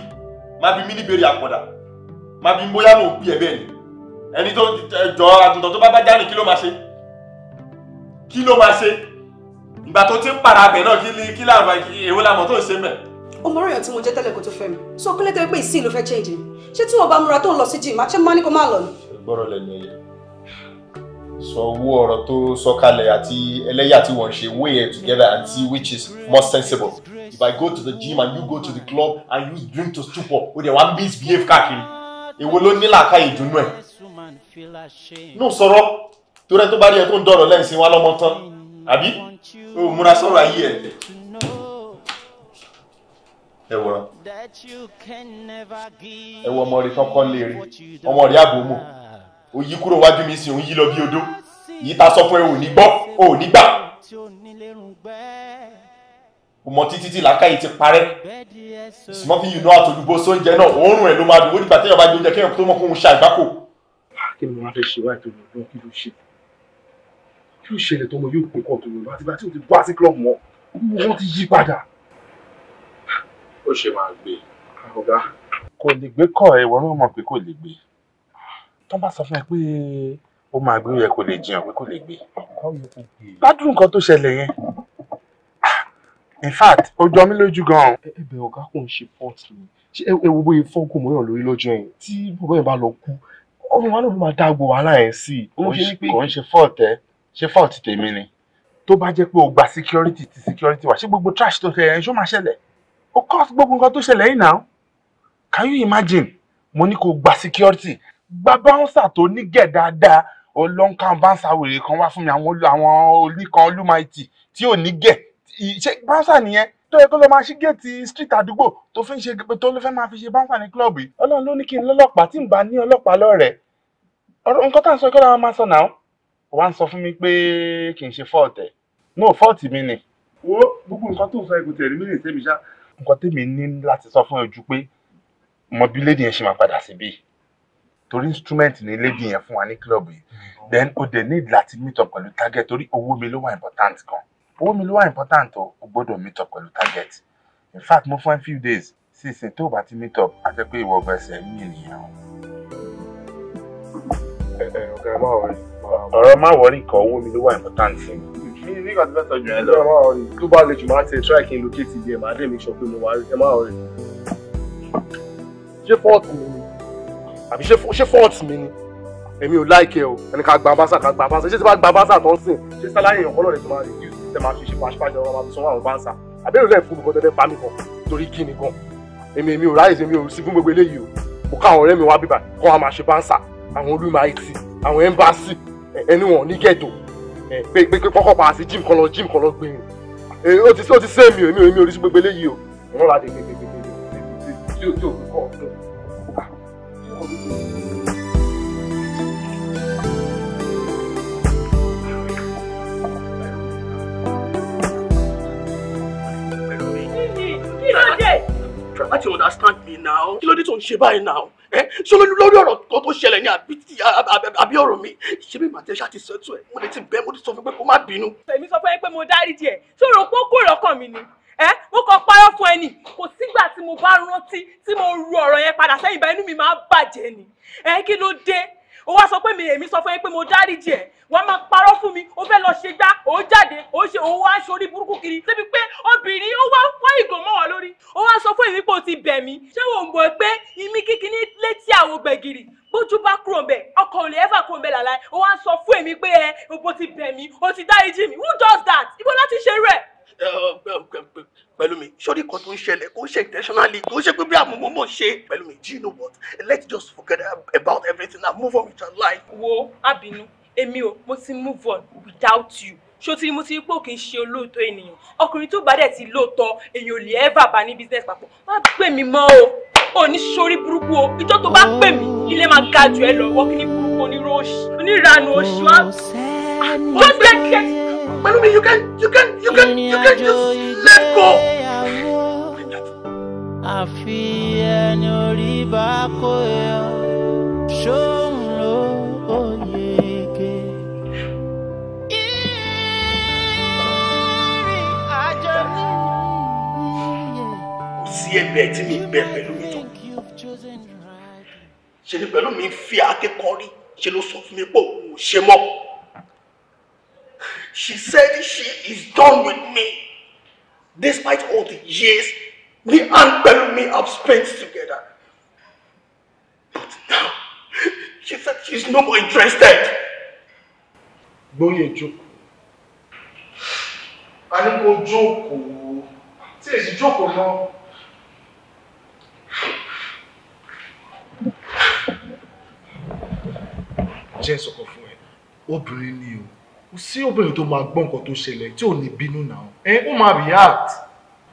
má bí mi níbèrè àpọ̀dà, I'm bí mi bóyá mò ń pè ẹ́ bẹ́ẹ̀ ni. Ẹni tó jọ àgùntàn tó bá bá jáde kí ló máa ṣe? Kí ló máa ṣe? Ìgbà tó ti ń pàrà àgbẹ̀ náà kí O mọ ọ̀rọ̀ tí mo jẹ́ tẹ́lẹ̀ kó tó fẹ́ mi. Sọ kí lẹ́tọ̀ pé ìsìn ló fẹ́ change Ṣé tí wọ́n bá múra tó ń lọ sí jì máa ṣe máa ní kó máa lọ ni? Gbọ́rọ̀ lẹ́nu ẹ̀yẹ. So owó ọ̀rọ̀ tó sọ kalẹ̀ àti ẹlẹ́yà tí wọ́n ṣe weigh it together and see which is more sensible if i go to the gym and you go to the club and you drink to stupor o de wa misbehave káàkiri èwo ló ní làákàyè ìdùnnú ẹ̀ nù sọ̀rọ̀ torí ẹ tó bá rí ẹ tó ń dọ̀rọ̀ lẹ́yìn sí wa lọ́mọ tán àbí o múra sọ̀rọ̀ ayé ẹ̀ ẹ wọ̀ràn ẹ wọ ọmọ rẹ tán kọ́ lé rí ọmọ rẹ àbòmù. O yí kúrò wájú mi sí òun yí lọ bí odó yìí ta sọ fún ẹ ò ní gbọ́ ò ní gbà ọmọ títí tí làákàyè ti parẹ́ it's nothing you know how to do bó so oúnjẹ náà òórùn ẹ̀ ló máa dùn ó dìgbà téèyàn bá jẹ oúnjẹ kéèyàn tó mọ̀ kó ń ṣàgbákò. Ah, kí ni wọ́n á fẹ́ ṣe wáyé tó lọ lọ kí ló ṣe kí ló ṣẹlẹ̀ tó mọ yóò pín kọ́ tó lọ lọ àtìgbà tí o ti wá sí club mọ́ wọ́n ti yí padà. ó ṣe máa gbé ọ̀gá kò lè gbé kọ́ ẹ̀ wọ́n mọ̀ pé kò lè gbé tó bá sọ fún ẹ pé ó máa gbé yẹ kó lè jiyàn pé kó lè gbé ládùn nǹkan tó ṣẹlẹ̀ yẹn in fact ó jọ mí lójú gan-an. ẹbẹ ọgá kò ń ṣe port ni ṣé ewu bóyá fọgùn mọyàn lórí lọ́jọ́ yẹn tí bọbọ yẹn bá lọ kú ọrùn wa náà ló máa dá gbogbo wàhálà yẹn sí i. kò ń ṣe fault ẹ ṣe fault tèmi ni tó bá jẹ́ pé o gba security ti security wa ṣé gbogbo trash tó ṣẹlẹ̀ yẹn ṣó máa ṣẹlẹ̀ o cause gbogbo nǹkan tó ṣẹlẹ̀ yìí now can you imagine mo ní kó gba security gba báńsà tó nígẹ̀ dáadáa ọlọ́nkàn báńsà wèrè kan wá fún mi àwọn àwọn oníkan olúmaìtì tí ò nígẹ̀ ṣe báńsà nìyẹn tó yẹ kó lọ máa ṣí géètì street àdúgbò tó fi ń ṣe tó ló fẹ́ máa fi ṣe báńsà ní kílọ̀bù yìí ọlọ́run ló ní kí n lọ́lọ́pàá tí n bá ní ọlọ́pàá lọ́rẹ̀ẹ́ ọ̀rọ̀ nǹkan tá à ń sọ kí ọlọ́run máa sọ náà wá ń sọ fún mi pé kì í ṣe fọ́ọ̀tẹ̀ no fọ́ọ̀tì mi ni wo gbogbo nǹkan tó ń sọ ikú tẹ̀lé mi ní ìsẹ́mi ṣá nǹkan tèmi ní láti sọ fún ẹ ju pé mọ̀bílédì yẹn ṣe máa padà síbí torí instrument ni lady yẹn fún wa ní club yìí mm-hmm. then o dẹ̀ need láti meet up pẹ̀lú target torí owó mi ló wà important kan owó mi ló wà important o o gbọ́dọ̀ meet up pẹ̀lú target in fact mo fún ẹ few days since ìsìn tó o bá ti meet up àti pé ìwọ gbẹ̀sẹ̀ mí nìyẹn o. ọ̀gá máa wọrí. ọ̀rọ̀ máa wọrí kan owó mi ló wà important sí mi ní ìgbà tí fẹ́ sọ jù ẹ lọ. tó bá lè jù máa ṣe try kí n locate ibi ẹ̀ máa dé mi sọ pé mo wà ẹ máa rẹ̀. ṣé pọ́ọ̀tù mi àbí ṣé fọ́ọ̀tì mi ni èmi ò láìkẹ́ o ẹni ká gba báńsà ká gba báńsà ṣé tí bá gba báńsà tó ń sìn ṣé sálárì èèyàn kọ́lọ̀ rẹ̀ tó máa reduce tẹ́ máa fi ṣe pàṣípàṣẹ ọmọ máa fi sanwó àwọn báńsà àbẹ́rẹ́ rẹ̀ fún mi kọ́tẹ́tẹ́ bá mi kàn torí kí ni gan èmi èmi ò ráyè sí èmi ò sí fún gbogbo eléyìí o mo ká àwọn ọ̀rẹ́ mi wá bíbà kọ́ wa máa ṣe báńsà àwọn olúmọ àìtì àwọn ẹ́mbáàsì ẹni wọn ní gẹ̀ẹ́dò pé pé kọ́kọ́ pa àti gym kan lọ gym kan lọ gbẹ̀yìn ó ti sẹ́mi o èmi ò èmi ò rí Try to understand me now. kí ló dé tó ń ṣe báyìí now. ẹ eh? ṣé lórí ọ̀rọ̀ kan tó ṣẹlẹ̀ ní àbí ọ̀rọ̀ mi ṣé bí màtí ṣá ti sẹ́tù ẹ̀ mo lè ti bẹ́ẹ̀ mo ti sọ fún pé kó má bínú. tèmi sọ fún ẹ pé mo dárí díẹ̀ ṣòro pé ó kó ìrọ́kàn mi ni ẹ eh, mo kàn parọ́ fún ẹni kò sígbà tí mo bá rántí tí mo ru ọ̀rọ̀ yẹn padà sẹ́yìn bá inú mi máa bàjẹ́ ni ẹ eh, kí ló dé o wá sọ pé mi èmi sọ fún yín pé mo dáríjì ẹ wàá máa parọ́ fún mi o fẹ́ lọ ṣe gbá o jáde o ṣe o wá aṣọ orí burúkú kiri débi pé obìnrin ó wá wá ìgò mọ́ wa lórí o wá sọ fún èmi pé o ti bẹ̀ mí ṣé wò ń bọ̀ pé imí kíkiní létí àwọn gbẹ̀gìrì bójú bá kúrò mbẹ ọkọ ò lè kúrò mbẹ làlàyé o wá sọ fún èmi pé ẹ eh, o ti bẹ̀ mí o ti dáríjì mi who does that ibo láti ṣe rẹ̀ pẹ̀lú mi sọ́ọ́dí kan tó ń ṣẹlẹ̀ kó ṣe intentionally kó ṣe pé bí àmúmọ́ mọ̀ ṣe pẹ̀lú mi do you know what let's just forget about everything and move on with our life. wo abinu Emi. o mo ti move on without you ṣó tí mo ti rí pé ò kì í ṣe olóòótọ́ ènìyàn ọkùnrin tó bá dẹ̀ ti lóòótọ́ èèyàn ò lè ẹ́fà bá ní business papọ̀ má pè mí mọ́ o ò ní sórí burúkú o ìjọ tó bá pè mí ilé máa ga jù ẹ lọ wọ́n kì í burúkú oníròṣì onírànù oṣù wa pẹ̀lú mi you can you can you can you can just let go. àfi ẹni orí bá kó yọ e ṣóun ló yege. kò sí ẹ̀bẹ̀ tí mi bẹ̀ pẹ̀lú mi tó ṣe ni pẹ̀lú mi fi akẹ́kọ̀ọ́ rí ṣe ló sọ fún mi pé òun ò ṣe mọ́. She said she is done with me. Despite all the years me and me have spent together. But now, she said she's no more interested. Gbóyè jókòó. A ní kó jókòó. Tí èsì jókòó náà. Jẹ́ sọ̀kọ̀ fún ẹ, obìnrin you kò sí obìnrin tó máa gbọ́ nǹkan tó ṣẹlẹ̀ tí ò ní bínú náà ẹ ó máa react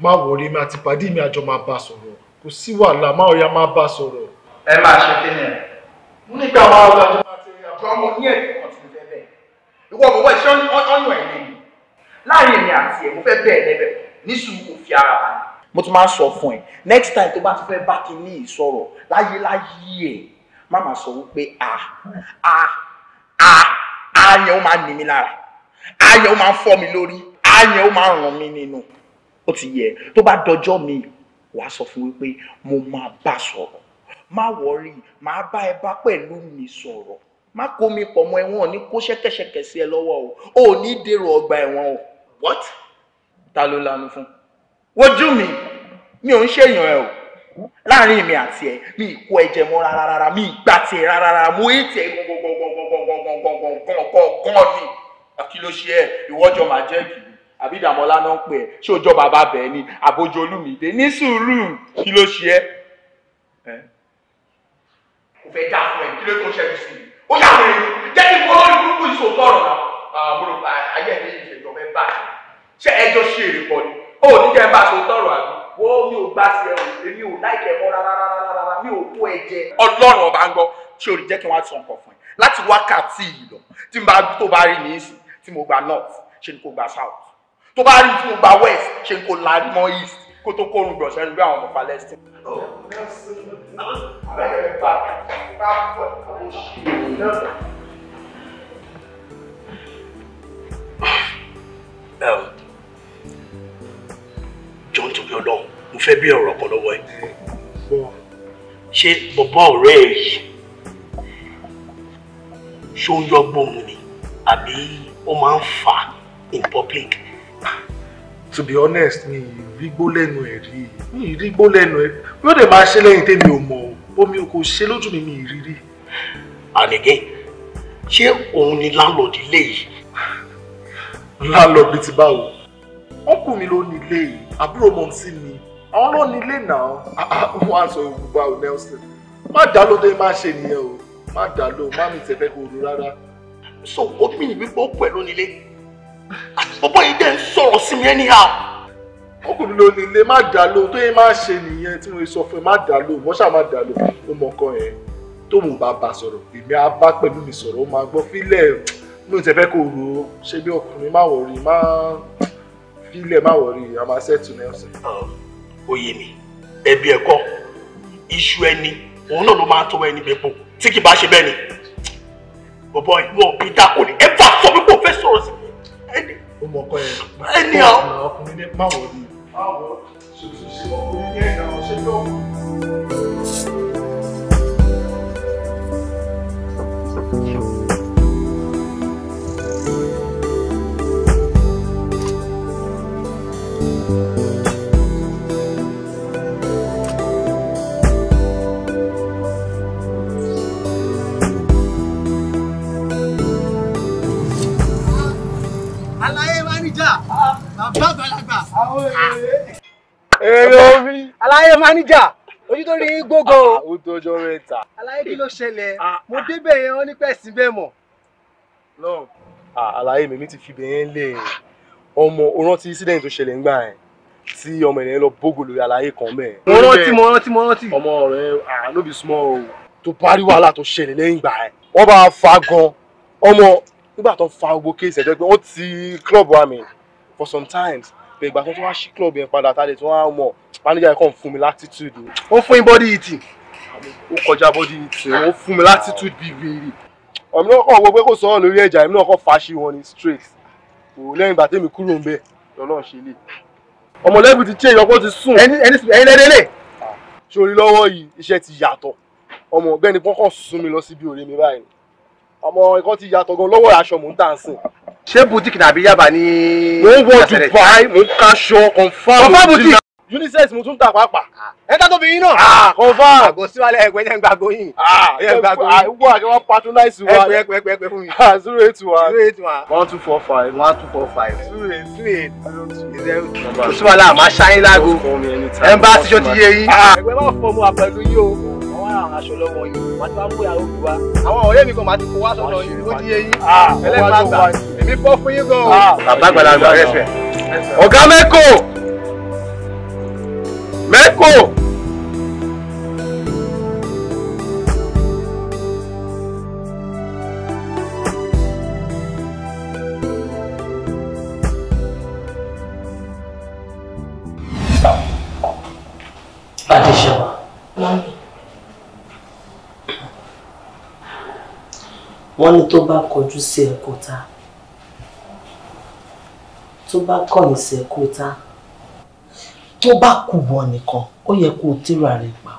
má wọrí mi àti pàdé mi àjọ máa bá a sọ̀rọ̀ kò sí wàhálà má ọ̀yà máa bá a sọ̀rọ̀. ẹ máa ṣe kí ni ẹ nígbà máa wọ àjọ máa ti rìn àjọ ọmọ ní ẹ̀kọ́ kan ti fẹ́ bẹ́ẹ̀ ìwọ ọ̀bọ̀wọ́ iṣẹ́ ọ̀nà ẹ̀ lẹ́yìn láàrin èmi àti ẹ̀ mo fẹ́ bẹ́ẹ̀ lẹ́bẹ̀ ní sùúrù fi ara bá mi. mo tún máa ń sọ fún ẹ next time tó bá ti fẹ́ bá kinní ìsọ̀rọ̀ láyé láyé ẹ̀ má máa sọ wípé ah ah ah ààyàn ó máa nì mí lára ààyàn ó máa fọ́ mi lórí ààyàn ó máa ràn mí nínú ó ti yẹ tó bá dọjọ́ mi wàá sọ fún wípé mo máa bá sọ̀rọ̀ má wọrí màá bá ẹ bá pẹ̀lú mi sọ̀rọ̀ má kó mi pọ̀ mọ́ ẹ̀wọ̀n ní kó ṣẹ́kẹ́ṣẹkẹ̀ sí ẹ lọ́wọ́ o ò ní dèrò ọgbà ẹ̀wọ̀n o. what? ta ló lanu fún. wojú mi mi ò ń ṣèyàn ẹ o láàrin mi àti ẹ mi ì kó ẹ jẹ mọ́ rárá mi gbà tiẹ̀ rárá mo é tiẹ̀ mo gángan ni kí ló ṣe ẹ ìwọ́jọ máa jẹ́ kìí àbí ìdàmọ́lá náà ń pè ẹ́ ṣé òjọ́ bàbá bẹ́ẹ̀ ni àbójú olúmídé ní sùúrù kí ló ṣe ẹ́. kò fẹ́ dá fún ẹ kí ló tó ṣẹlẹ̀ sí i ó yà wẹ̀ ẹ́ jẹ́ kí wọ́n lórí burúkú ìṣó tọrọ náà mo rò pa ayé mi ìṣèjọ fẹ́ bá a ṣe ẹjọ́ ṣe èrè pọ̀ ni ó ní jẹ́ bá a ṣe tọrọ àbí wọ́n mi ò gbá sí ẹ̀rù èmi ò láìkẹ́ mọ́ rárá mi ò kó ẹ̀jẹ̀ ọlọ́run ọba ń gbọ́ ṣé o lè jẹ́ kí wọ́n á sọ nǹkan fún ẹ láti wákàtí yìí lọ tí mo bá tó bá rí ní ìsìn tí mo gba north ṣe ni kò gba south tó bá rí tí mo gba west ṣe ni kò larí mọ́ east kó tó kórun gbọ̀nsẹ̀ ní bí àwọn ọmọ palestine. jọ̀ọ́ nítorí ọlọ́run mo fẹ́ bí ọ̀rọ̀ kan lọ́wọ́ ẹ ṣé bọ̀bọ̀ ọ̀rẹ́ yìí ṣó ń yọgbọ́n mu ni àbí ó máa ń fà in public. Ah, to be honest mi ìrígbó lẹ́nu ẹ̀ rí mi ìrígbó lẹ́nu ẹ̀ yóò dẹ̀ máa ṣe lẹ́yìn tèmi ò mọ̀ omi kò ṣe lójú mi mi ìrírí. and again ṣé òun ni láńlọ́ọ̀dì ilé yìí. láńlọ́ọ̀dì ti báwo ọkùn mi ló ní ilé yìí àbúrò mọ̀ sí mi àwọn ló ní ilé náà ah, ah, wọ́n á sọ yorùbá o Nelson má dá lóde má ṣe nìyẹn o má dà lóhùn má mi tẹ̀fẹ́ kò rò rárá. so ó mì wípé ó pẹ̀lú nílé àti bọ́bọ́ yìí dẹ̀ ń sọ̀rọ̀ sí mi anyhow. ọkùnrin ló nílé má dà lóhùn tó yẹ má ṣe nìyẹn tí mo sọ fún ẹ má dà lóhùn wọ́n ṣáà má dà lóhùn ó mọ nǹkan yẹn tó mo bá bá sọ̀rọ̀ èmi á bá pẹ̀lú mi sọ̀rọ̀ ó máa gbọ́ fílẹ̀ mi ò tẹ̀fẹ́ kò rò ó ṣé bí ọkùnrin má wọ̀rí má fílẹ̀ má wọ̀rí a máa ṣẹ́tù náà sí. ó yé mi ẹbí tí kì bá ṣe bẹ́ẹ̀ ni bọ̀bọ̀ ìwọ òbí dákò ní ẹ bá sọ wípé o fẹ́ sọ̀rọ̀ sí ẹni. ó mọ ọkọ ẹ ẹni ọ ọkùnrin ní máwọ ni. máwọ ṣòṣòṣì ọkùnrin ní ẹ̀dá ọ̀ṣẹ́ lọ́wọ́. bàbá mi. aláyé máníjà ojú tó rí gógó. Ah, ó tọjọ mẹ́ta. aláyé kí ló ṣẹlẹ̀ ah, ah. mo débẹ̀ yẹn wọ́n ní pẹ̀sì bẹ́ẹ̀ mọ̀. lọ. aláyé mi ti fi bẹ̀yẹn lé ọmọ oran ti incident tó ṣẹlẹ̀ ńgbà yẹn tí ọmọ ènìyàn lọ bógo lórí aláyé kan bẹ́ẹ̀. mo rántí mo rántí mo rántí. ọmọ rẹ no be small o tó parí wàhálà tó ṣẹlẹ̀ lẹ́yìn ìgbà yẹn wọ́n bá fa gan ọmọ nígbà tó fa gbogbo kéèsì ẹ̀jẹ̀ club wa mi for some times pé ìgbà tó tún wá sí club yẹn padà tálẹ̀ tó wá mọ̀ manager yẹn kàn fún mi latitude ó fún yín body eating ó kọjá body eating ó fún mi latitude bíi wèrè ọ̀mí náà kàn wọ pé kò sọ̀rọ̀ lórí ẹ̀jà èmi náà kàn fàṣì wọn ni straight kò lẹ́yìn ìgbà tèmi kúrò ń bẹ̀ lọ́nà ṣe lè ọmọlẹ́bí ti ṣe ìyọkọ́ ti sùn ẹ̀yin lẹ́dẹ́lẹ̀ sórí lọ́wọ́ yìí iṣẹ́ ti yàtọ̀ ọmọ ọ̀gbẹ́ni pọ́kàn sún mi lọ síbi òre mi báyìí ọmọ ẹ̀kọ́ ti yàtọ̀ gan lọ́wọ́ aṣọ mò ń tà ń sìn ṣé boutique nàbí yaba ní. mo ń wọ dubai mo ń kaṣọ confam. confam boutique. unisex mo tún tà pàápàá. Ah. ẹ ká tóbi yín náà. Ah. confam. àgọ́ síwálẹ̀ ẹgbẹ́ jẹ́ gbàgbọ́ yìí. Ah. ẹgbẹ́ gbàgbọ́ yìí. wọ́n àgbẹ̀wò patronize wa. ẹgbẹ́ ẹgbẹ́ ẹgbẹ́ ẹgbẹ́ fún mi. zero eight one. zero eight one. one two four five. one two four five. zero eight zero eight. kò síwálẹ̀ àmọ́ ṣáyín lágo. ẹ̀ ń bá aṣíṣọ́ ti yé yín. ẹgbẹ́ máa fọ́ mu àpẹ̀lú yìí o wá àwọn aṣọ lọ́wọ́ yìí wọ́n ti wá mú ìyàwó mi wá. àwọn ọ̀rẹ́ mi kan máa ti kó wọ́n ní tó bá kọjú sí ẹ̀kọ́ta tó bá kọ̀yìn sí ẹ̀kọ́ta tó bá kù wọ́n nìkan ó yẹ kó o tíra rẹ̀ pa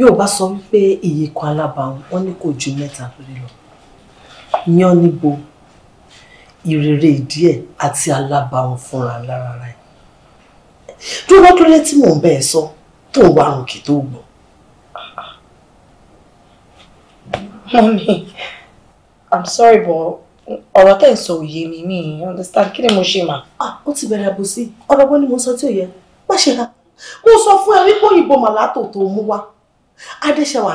yóò bá sọ wípé ìyíkọ alábàáhùn wọ́n ní kò ju mẹ́ta péré lọ yan níbo ìrere ìdí àti alábàáhùn fúnra lára rẹ̀ dúró dúró tí mò ń bẹ́ẹ̀ sọ tó ń kì tó gbọ́ Mọ́mí, I'm sorry but ọ̀rọ̀ tẹ̀ ń so yummy. Me, understand kí ni mo ṣe mà. Ah, ó ti bẹ̀rẹ̀ bò sí. Ọ̀rọ̀ gbọ́ ni mo sọ tí ò yẹ. Má ṣe ra. Mo sọ fún ẹ wípé òyìnbó màlátò tó mú wá. Adéṣẹwà,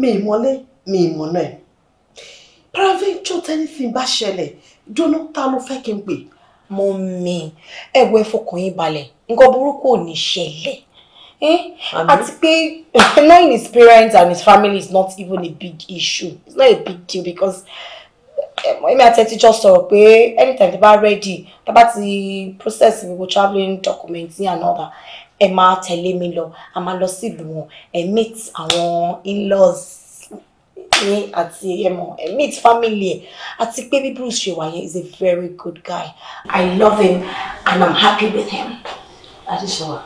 mi ìmọ̀lé mi ìmọ̀nà ẹ̀. Pravin jọ tẹ́lifín bá ṣẹlẹ̀, jóná ta ló fẹ́ kí n pè? Mọ́mí, ẹ̀wọ̀ ẹ̀fọkàn yín balẹ̀, nǹkan burúkú ò ní ṣẹlẹ̀. Eh? Àti pé [LAUGHS] knowing his parents and his family is not even a big issue. It's not a big deal because when eh, àti ẹ ti jọ sọ̀rọ̀ anytime tí bá ready tí the process gbogbo travelling documents ní another ẹ máa tẹ̀lé mi lọ a máa lọ I meet our in-laws me àti ẹmọ I meet family ẹ àti pé Bruce ṣe is a very good guy I love him and I'm happy with him. Adéṣọwà.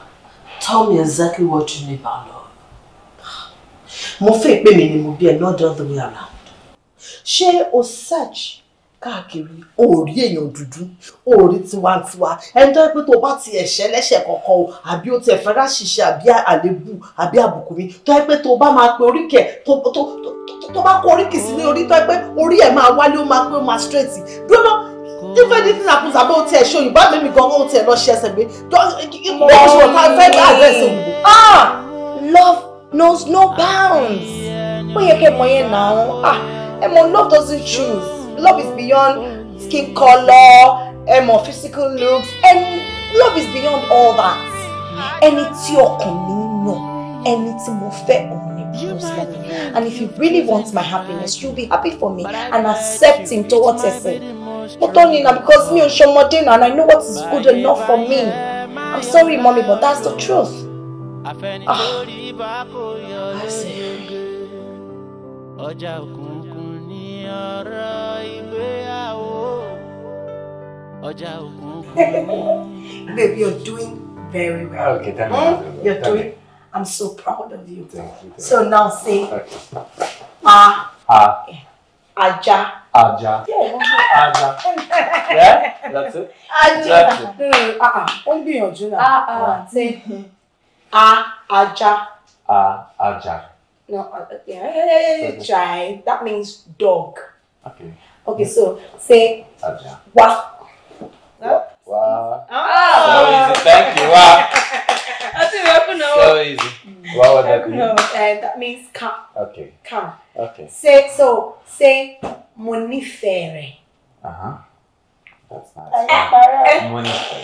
Tell me exactly what you know about love. Mo fẹ́ pè mí ni mo bí ẹ not the other way around. She o search káàkiri o ò rí èèyàn dúdú o ò rí tiwantiwa ẹni tó yẹ pé tó o ti ẹ̀ṣẹ̀ lẹ́ṣẹ̀ kankan o àbí o ti ẹ̀fẹ́ ráṣìṣe àbí àlébù àbí àbùkù mi tó yẹ pé tó o bá máa pe oríkẹ̀ tó bá kó oríkì sílé orí tó yẹ pé orí ẹ̀ máa wálé ó máa pé ó máa straight dúró náà if anything happens about tiẹ̀ ṣe òyìnbá mi mi gan ohun tiẹ̀ lọ ṣe ẹsẹ̀ mi mo wọ́n ṣe ọ̀tá fẹ́ ní àdẹ́sì òyìnbó. ah love knows no bounds ó yẹ kí ẹ mọ ah ẹ mọ love doesn't choose love is beyond skin color, ẹ mọ physical looks and love is beyond all that ẹni tí ọkàn mi yàn ẹni tí mo fẹ́ ọ̀hún. And if you really want my happiness, you'll be happy for me and accept him towards Ese. But only ni na because mi ò ṣọmọdé na and I know what is good enough for me I'm sorry mommy but that's the truth. Ah, I see. [LAUGHS] Baby, you're doing very well. Okay, thank eh? you. Hmm? You're thank doing. You. I'm so proud of you. Thank you. Thank you. So now say, ah, ah, ajá. Aja. Yeah, Aja. yeah, that's it. Aja. That's it. Mm, uh uh. Ó ń gbìyànjú Ah ah. Ṣé ah. a Aja. A Aja. No, uh, yeah, try. That means dog. Okay. Okay, so say Aja. Wa. Wa. Wa. Ah. So easy. Thank you. Wa. [LAUGHS] That's it. So easy. What would that mean? No, uh, that means calm. Okay. Calm. Okay. Say so. Say mo nífẹ̀ẹ́ rẹ̀. Uh-huh. mo nífẹ̀ẹ́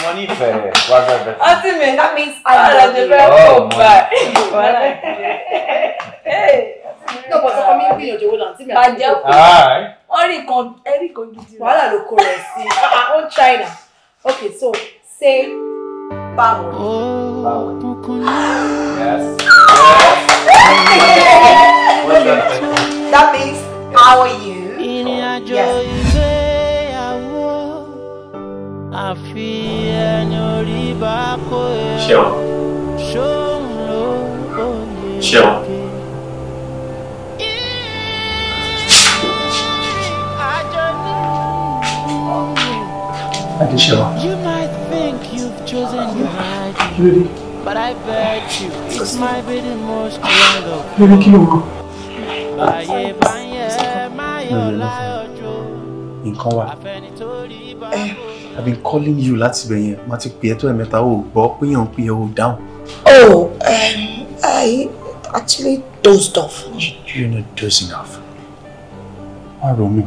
mo nífẹ̀ẹ́ rẹ̀ what's that better. ọtí mi that means I oh, love the red oh, back. náà bọ̀ sọ́kọ́ mi ń gbìyànjú owó náà tí mi àti ìjọba. wọ́n rí kan ẹ̀rí kan gidi. wàhálà ló kó rẹ̀ sí ah, ah, on China okay so say báwo. báwo. yes. [LAUGHS] yes. That means, how are you? Yes. Ṣeun. Ṣeun. Thank you, You might think you've chosen your right, but I bet you it's my bidding most wonderful. Baby, can you Eh, I've been calling you láti bẹ̀ yẹn má ti pè ẹ́ tó ẹ̀mẹ́ta ò gbọ́ péyàn péyàn ò dáhùn. oh um, I actually dozed off. you're not dozing off. má ronú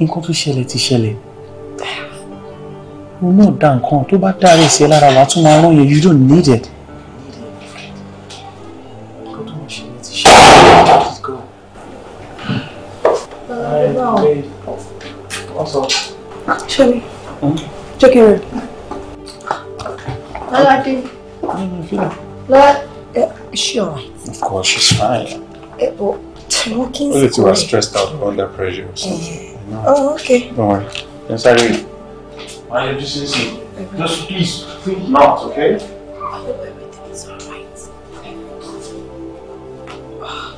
nǹkan tó ṣẹlẹ̀ ti ṣẹlẹ̀ ronú ọ̀dà nǹkan tó bá dáa rẹ̀ sí ẹ lára wàá tún máa rán you don't need it. Also, ọ̀sọ̀. ṣé mi hmm? jẹ́ kí n rìn. Lọ́ládé. Lọ́lá eh, she alright? Of course, she's fine. Eh, but oh, smoking two are stressed out under pressure or something. Eh. No. Oh, okay. Don't worry. Inside it. Why did you Just please, think not, okay? I hope everything is alright. Ah.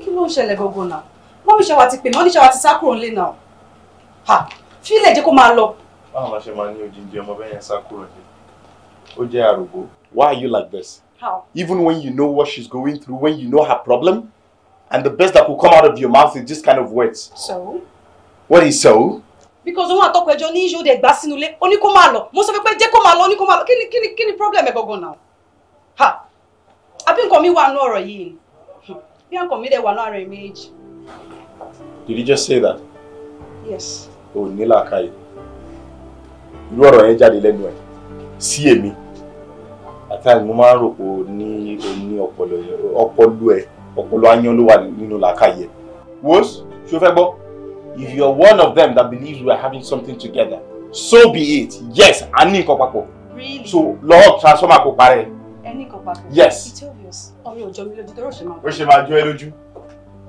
Kí ló ń ṣẹlẹ̀ gbogbo náà? mọ́mí ṣe wà ti pè mí wọ́n ní ṣe wà ti sá kúrò nílé náà ha fílẹ̀ jẹ́ kó máa lọ. báwo la ṣe máa ní òjijì ọmọ bẹ́ẹ̀ yẹn sá kúrò nílé ó jẹ́ àrògbó. why are you like this? how? even when you know what she's going through when you know her problem and the best that could come out of your mouth is this kind of words. so. what is so? because òun àtọkọ ẹjọ ní ìṣòro ẹgbà sínú ilé ó ní kó máa lọ mo sọ pé jẹ́ kó máa lọ ó ní kó máa lọ kí ni kí ni kí ni problem ẹ̀ gangan náà ha àbí nǹkan mi wà nú ọ̀rọ̀ yìí hmm. bí nǹkan mi dẹ̀ wà nú ara ẹ̀ méjì. Did you just say that? Yes. Oh, Nila làákàyè. You are yẹn jáde lẹ́nu ẹ̀ see me. At mo máa ń rò pé o ní o ní ọpọlọ yẹn ọpọlọ ẹ̀ ọpọlọ ayan ló wà If you are one of them that believes we are having something together, so be it. Yes, a ní nǹkan Really? So Lord, transform kò parẹ́. Any ní Yes. It's obvious. Ọ̀rẹ́ òjò mi lójú tó rò ṣe máa. Ó ṣe máa jó ẹ lójú.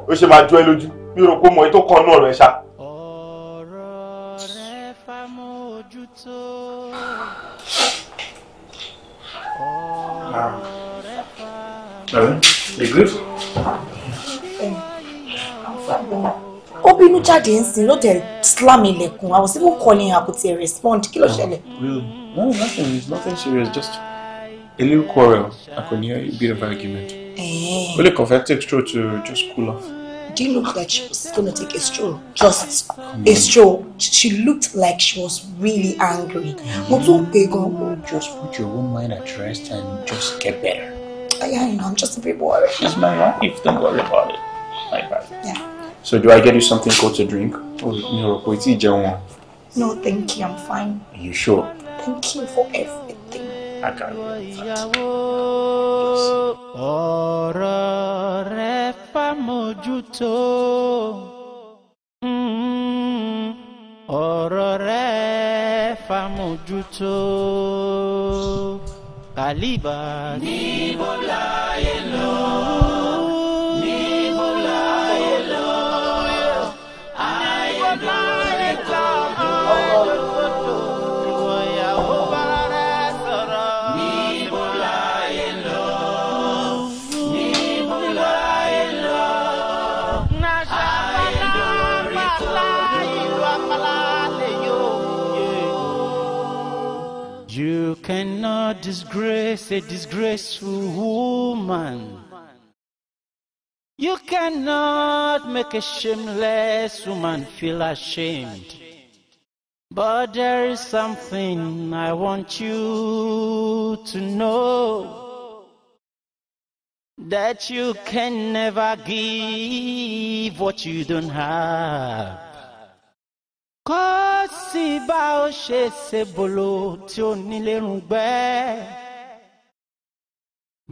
Ó ṣe máa jó ẹ lójú mi rò pé mo ètò kan náà rẹ ṣá. ọ̀rọ̀ rẹ fàmójútó. Ah. Eh, ó bínú jáde ń sìn ló tẹ slam ilẹ̀kùn àwọn sí mo calling her kò tiẹ̀ respond kí ló ṣẹlẹ̀. no nothing it's nothing serious just a little quarrel A could hear a bit of argument. Eh. ó lè kàn fẹ́ to just cool off. do you know that she was gonna take a stroll? Just a stroll. She looked like she was really angry. Mm. But don't go. Just put your own mind at rest and just get better. Yeah, you know, I'm just a bit worried. She's my wife, don't worry about it. My bad. Yeah. So do I get you something cold to drink? Or oh, no, thank you, I'm fine. Are you sure? Thank you for everything. I got you. Yes. bá mójútó hmm, ọ̀rọ̀ rẹ̀ fàmójútó kàlíbà. níbo láyé lọ. níbo lọ. ayé lórí disgrace a disgraceful woman. You cannot make a shameless woman feel ashamed. But there is something I want you to know that you can never give what you don't have. kọ́ sí bá ó ṣe ṣe bolo tí ó nílérùn gbẹ́.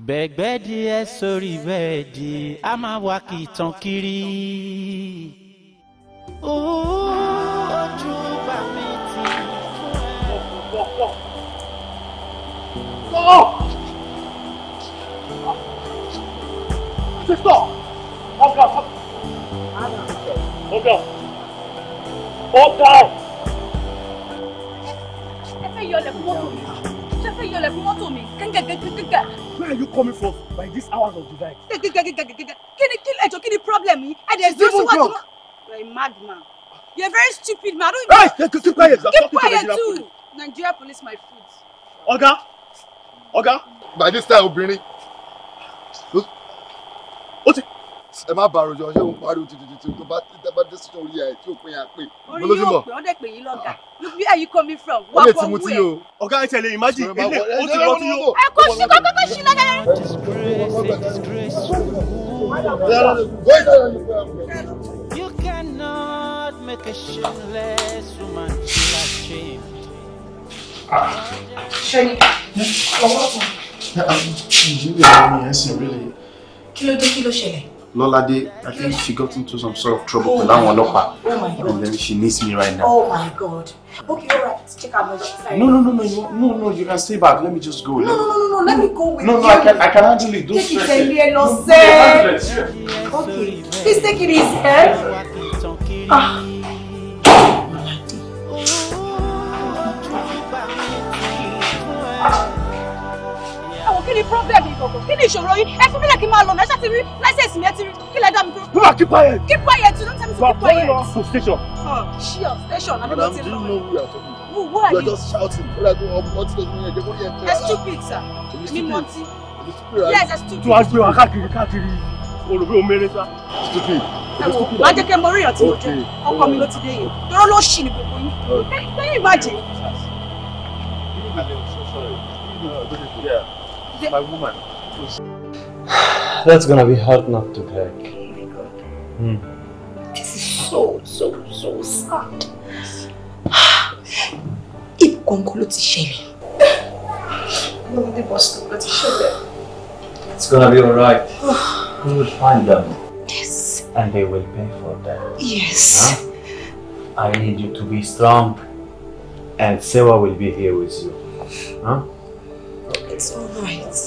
bẹ̀gbẹ́ díẹ̀ sórí bẹ́ẹ̀dì a máa wá kì í tàn kiri. ojú bá mi ti fún ẹ. Sister! Ọ̀gá! Ọ̀gá! ó pọ̀. ẹ fẹ́ yọlẹ̀ fún mọ́tò mi ṣe fẹ́ yọlẹ̀ fún mọ́tò mi gẹ́gẹ́gẹ́gẹ́gẹ́. where are you coming from by this hours of the divide. gẹ́gẹ́gẹ́gẹ́gẹ́ kí ni kí ni ẹ̀jọ̀ kí ni problem yìí ẹ̀ dẹ̀ dúró síwájú mọ́. you are a mad man you are very stupid man. hey keep, keep quiet you are talking to Nigeria police. my foot. ọ̀gá ọ̀gá. by this time obìnrin. ó ti ẹ má bàa rojọ ṣé òun pariwo tìtìtì tó bá tẹ bá tẹ sọsọ orí ẹ tí òpin yà pé. orí yóò pè ọ́ dẹ̀ pè yín lọ́gà where are you coming from wà á kọ́ wú ẹ. ọ̀gá ẹ tẹ̀lé ìmájì ilé ó ti bọ́ sí yóò. ẹ kò sí kó sí lọ́gà yẹn. ọwọ́ kan. Kí ló dé kí ló ṣẹlẹ̀? Lolade, I think she got into some sort of trouble with àwọn ọlọ́pàá. Oh my God. And then she needs me right now. Oh my God. Okay, all right. Check out my side. No, no, no, no, no, no, no. You can stay back. Let me just go. No, no, no, no, no. Let me go with you. No, no, I can, I can handle it. Don't take stress. Take it easy, no, no, no, no, no, no. Okay. Please take it easy, eh? Ah. problem yìí kọ̀kọ̀ kí ni ìṣòro yìí mi lè kí n máa lọ mẹ́ṣà ti rí láìsẹ̀sì mi ẹ ti rí kí lẹ dá mi dúró. Bùbá keep quiet. keep quiet you don't tell me to keep quiet. Bàbá fún station. Oh, station àbí ló ti lọ. Who are you? You're just shouting. Ó dàgbé ọmọ ọtí lójú ẹ̀jẹ̀ kó yẹ kí. stupid sir. Mi mọ Yes, ẹ stupid. Tí wàá gbé wa káàkiri káàkiri olùgbé omere sá. Stupid. Ẹ wò, má jẹ́ kẹ́ mọ orí ìrántí mo jẹ́. Ọkọ mi ló ti dé yìí. Dọ́rọ́ ló ṣì ní gbogbo yín. Ẹ lẹ́yìn ìbàjẹ́. Yeah. The... My woman. Please. [SIGHS] That's gonna be hard not to cry. Hmm. This is so, so, so sad. Ìbùkún [SIGHS] kọ́ ló ti [SIGHS] It's gonna be alright. Ah. We will find them. Yes. And they will pay for that. Yes. Huh? I need you to be strong. And Sewa will be here with you. Huh? It's all right.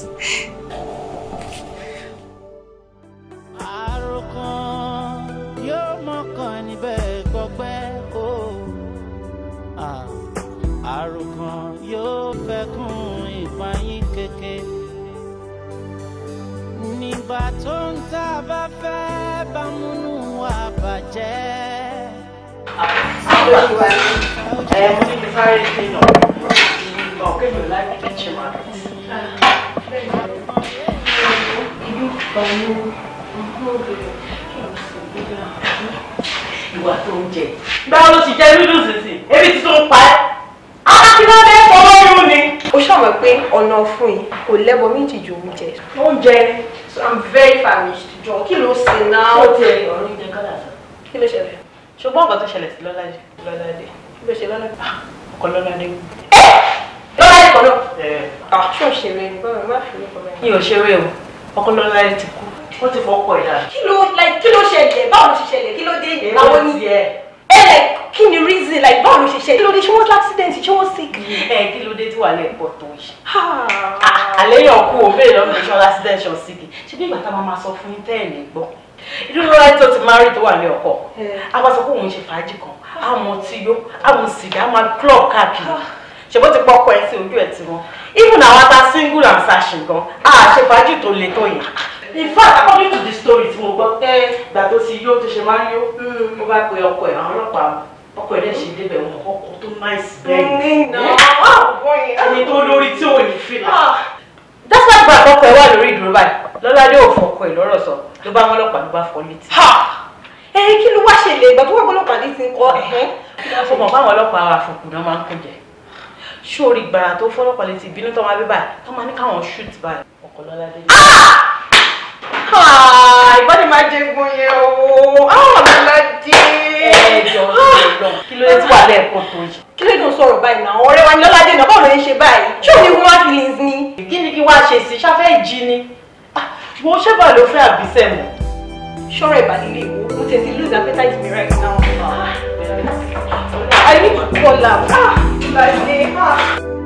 Àròkàn yóò mọ̀kàn níbẹ̀ gbọ́gbẹ́ o. Àròkàn yóò fẹ́kùn ìpayín kéke. Nígbà tó ń tá a bá fẹ́ bá múnú wa bàjẹ́. Olúwa ẹ̀ mo ní kí n fárẹ́ sí náà. Ọ̀kẹ́ mi ò láì fi kí n ṣe máa ìwà tó ń jẹ báwo ló ti jẹ noodles sí ebi tí tó ń pa ẹ́ alákìlọ́dẹ fọwọ́ irun ni. ó ṣàmọ̀ pé ọ̀nà ọ̀fun yìí kò lẹ́bọ méjì ju oúnjẹ. oúnjẹ so i'm very famished jọ kí ló ṣe náà. ó ti ẹ̀yìn ọ̀rọ̀ oúnjẹ kọ́dà sọ. kí ló ṣẹlẹ̀. ṣùgbọ́n nǹkan tó ṣẹlẹ̀ sí lọ́ládé lọ́ládé kí ló ṣe lọ́ládé. Ah, ọkọ̀ lọ́ládé. ẹ ọkọ náà. ṣé o ṣeré ni bọ́ọ̀ má fi ọkọ rẹ̀. mi o ọkọ náà láyé ti kú wọ́n ti fọ́pọ̀ ìdá. kí ló kí ló ṣẹlẹ̀ báwo ló ṣe ṣẹlẹ̀ kí ló dé àwọn ní. ẹ ẹ kí ni reason like báwo ló ṣe ṣẹlẹ̀ kí ló dé ṣé wọ́n accident ṣé wọ́n sick. ẹ mm. eh, kí ló dé tí wàá lẹ pọ̀ tó yìí. Ah, àlẹ́ yọ̀ kú òun bẹ́ẹ̀ lọ́nà ṣọ́ accident ṣọ́ sick ṣé bí ìgbà táwọn máa sọ fún yín tẹ́ẹ̀ lè gbọ́ irú rẹ tó ti máa rí tó wà ní ọkọ eh. a máa sọ pé òun ṣe fàájì kan a mọ tí yó a mọ sìgá a máa club káàkiri ṣe bó ti pọ ọkọ ẹ sí ojú ẹ ti wọn even àwọn ata single and sashin gan a ṣe fàájì tó le tó yìí in fact according to the story tí mo gbọ́ ẹ gbà tó ti yó tó ṣe máa ń yó mo mm. bá pe ọkọ ẹ àwọn ọlọ́pàá ọkọ ẹ dẹ ṣe débẹ̀ wọn ọkọ tó nice bẹ́ẹ̀ mm, ẹni tó lórí tí ò ní fìlà dáṣà gba ọkọ ẹ wà lórí ìdúró báyìí lọ́ládé ò fọ ọkọ ẹ lọ́rọ̀ sọ ló bá ọlọ́pàá ló bá fọ létí ẹ kí ló wá ṣẹlẹ̀ ìgbà tó ọlọ́pàá ní ti ń kọ́ ẹ̀hẹ́ sórí gbàrà tó fọ́lọ́pàá lè ti bínú tó máa bí báyìí tó máa ní káwọn shoot báyìí ọkọ̀ lọ́ládé. Ah! Ah! ìbọn ni máa jẹ gun yẹn o àwọn ah! ọ̀làdé. ẹ̀jọ̀ ọ̀lọ́ kí ló dé tí wàá lẹ́ẹ̀kan tó yìí. kí ló dé tó sọ̀rọ̀ báyìí náà ọ̀rẹ́ wa ni lọ́ládé náà báwo ló ń ṣe báyìí ṣé òní wọ́n wáá feelings ni. kí ni kí wàá ṣe sí ṣáfẹ́ jí ni wo ṣẹ́bà ló fẹ́ àbísẹ̀ mọ́. ṣọ́rọ̀ ìbàdílé lose appetite right now. I need to call out. 来，听啊！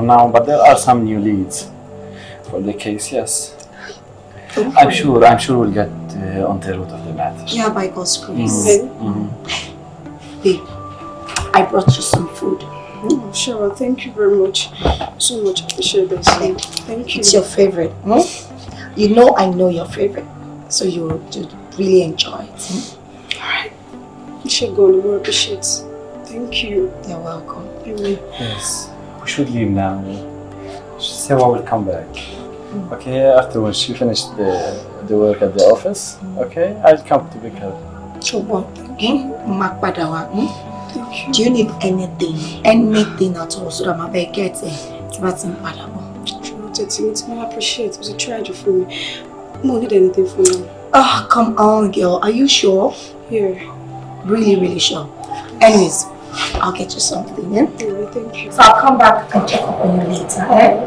for now, but there are some new leads for the case, yes. Hopefully. I'm sure, I'm sure we'll get uh, on the root of the matter. Yeah, by God's grace. Mm -hmm. mm -hmm. I brought you some food. Mm, sure, thank you very much. So much appreciate this. Thank, thank you. It's your favorite. Hmm? You know I know your favorite, so you you really enjoy it. Hmm? Alright. You we appreciate Thank you. You're welcome. Amen. Yes should leave now. She said, well, I will come back. Mm. Okay, afterwards she finished the, the work at the office. Okay, I'll come to pick her. Chubo, eh? Do you need anything? Anything at all so that my baby gets it? That's impossible. It's I appreciate it. It was a tragedy for me. I don't need anything for you. Oh, come on, girl. Are you sure? Yeah. Really, really sure. Anyways, I'll get you something, yeah? thank you. So I'll come back and check up on you later, eh?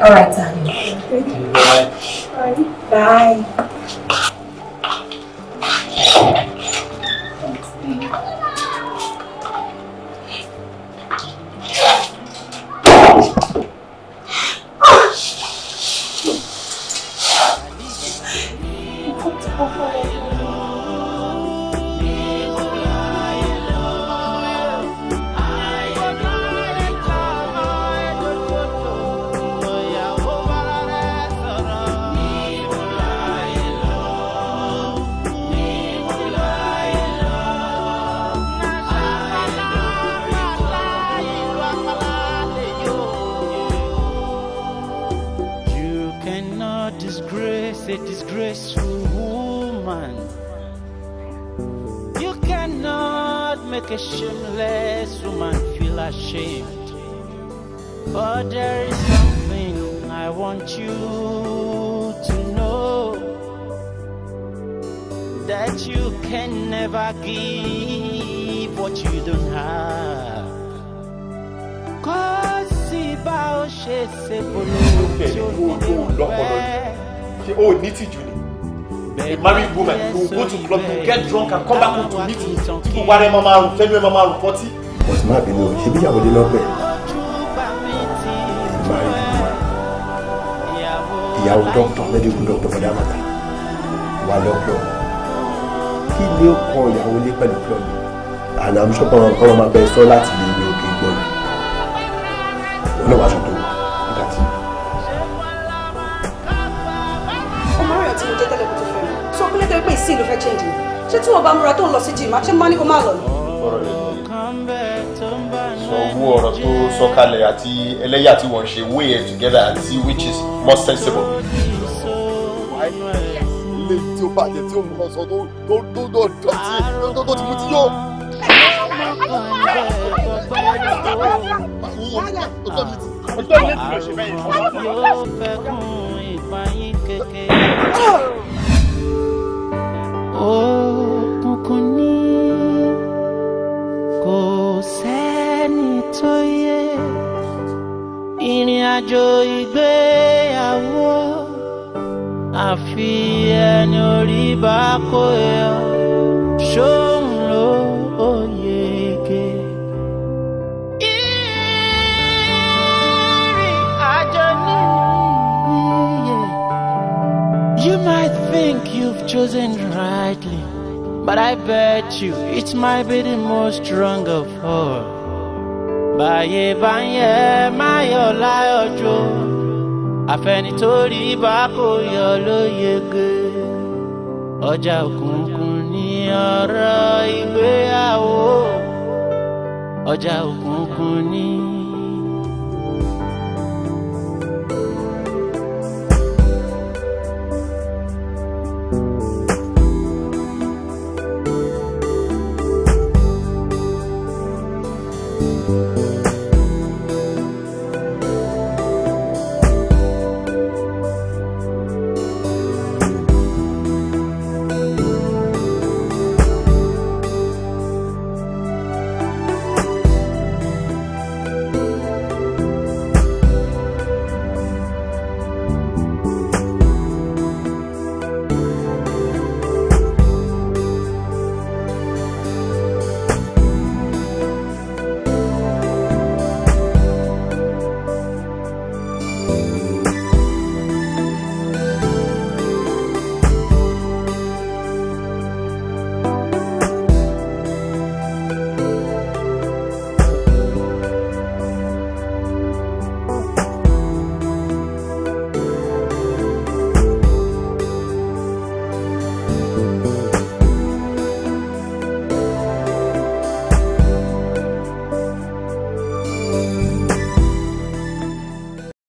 All right, darling. Thank you. Bye. Bye. Bye. successful woman. You cannot make a shameless woman feel ashamed. But there is something I want you to know that you can never give what you don't have. Cause bá ó ṣe ṣe polówó tí ó fi ní ṣé o ní tìjú ni married woman who go to club you get drunk and come back home to meet people wa rẹ mama run fẹmi rẹ mama run pọtí. ọ̀sùn máa bínú ṣebí ìyàwó dé lọ́pẹ́ ìyàwó dọ́kítọ̀ mẹ́díkù dọ́kítọ̀ bọ́dá màtà wà lọ́pọ̀ kí ni ó kọ ìyàwó lé pẹ̀lú club àná àmúṣọ́pọ̀ ọmọ ọmọ abẹ́ sọ láti lè ní òkè gbọ́dọ̀ ọlọ́wàá sọ sí ìlú fẹ́ change mi ṣé tí wọ́n bá múra tó ń lọ sí jì máa ṣe máa ní kó máa lọ ni. ọ̀rọ̀ rẹ̀ sọ owó ọ̀rọ̀ tó sọ̀kalẹ̀ àti ẹlẹ́yà tí wọ́n ṣe weigh it together and see which is more sensible. ilé tí ó bàjẹ́ tí ó mú ọsàn tó tó tó tó dọ̀tí tó tó ti mú ti yó. ọjọ́ mi ti lọ ṣe bẹ́ẹ̀. àjò ìgbéyàwó àfi ẹni orí bá kó ṣóun ló òye ike. ìrìn àjò You might think you've chosen rightly, but I bet you it might be the most strong of all. báyé bá ń yẹ máyọ̀ láyọ̀ jó àfẹnitórí bá kò yọ lóyege ọjà òkùnkùn ní ọ̀rọ̀ ìgbéyàwó ọjà òkùnkùn ní.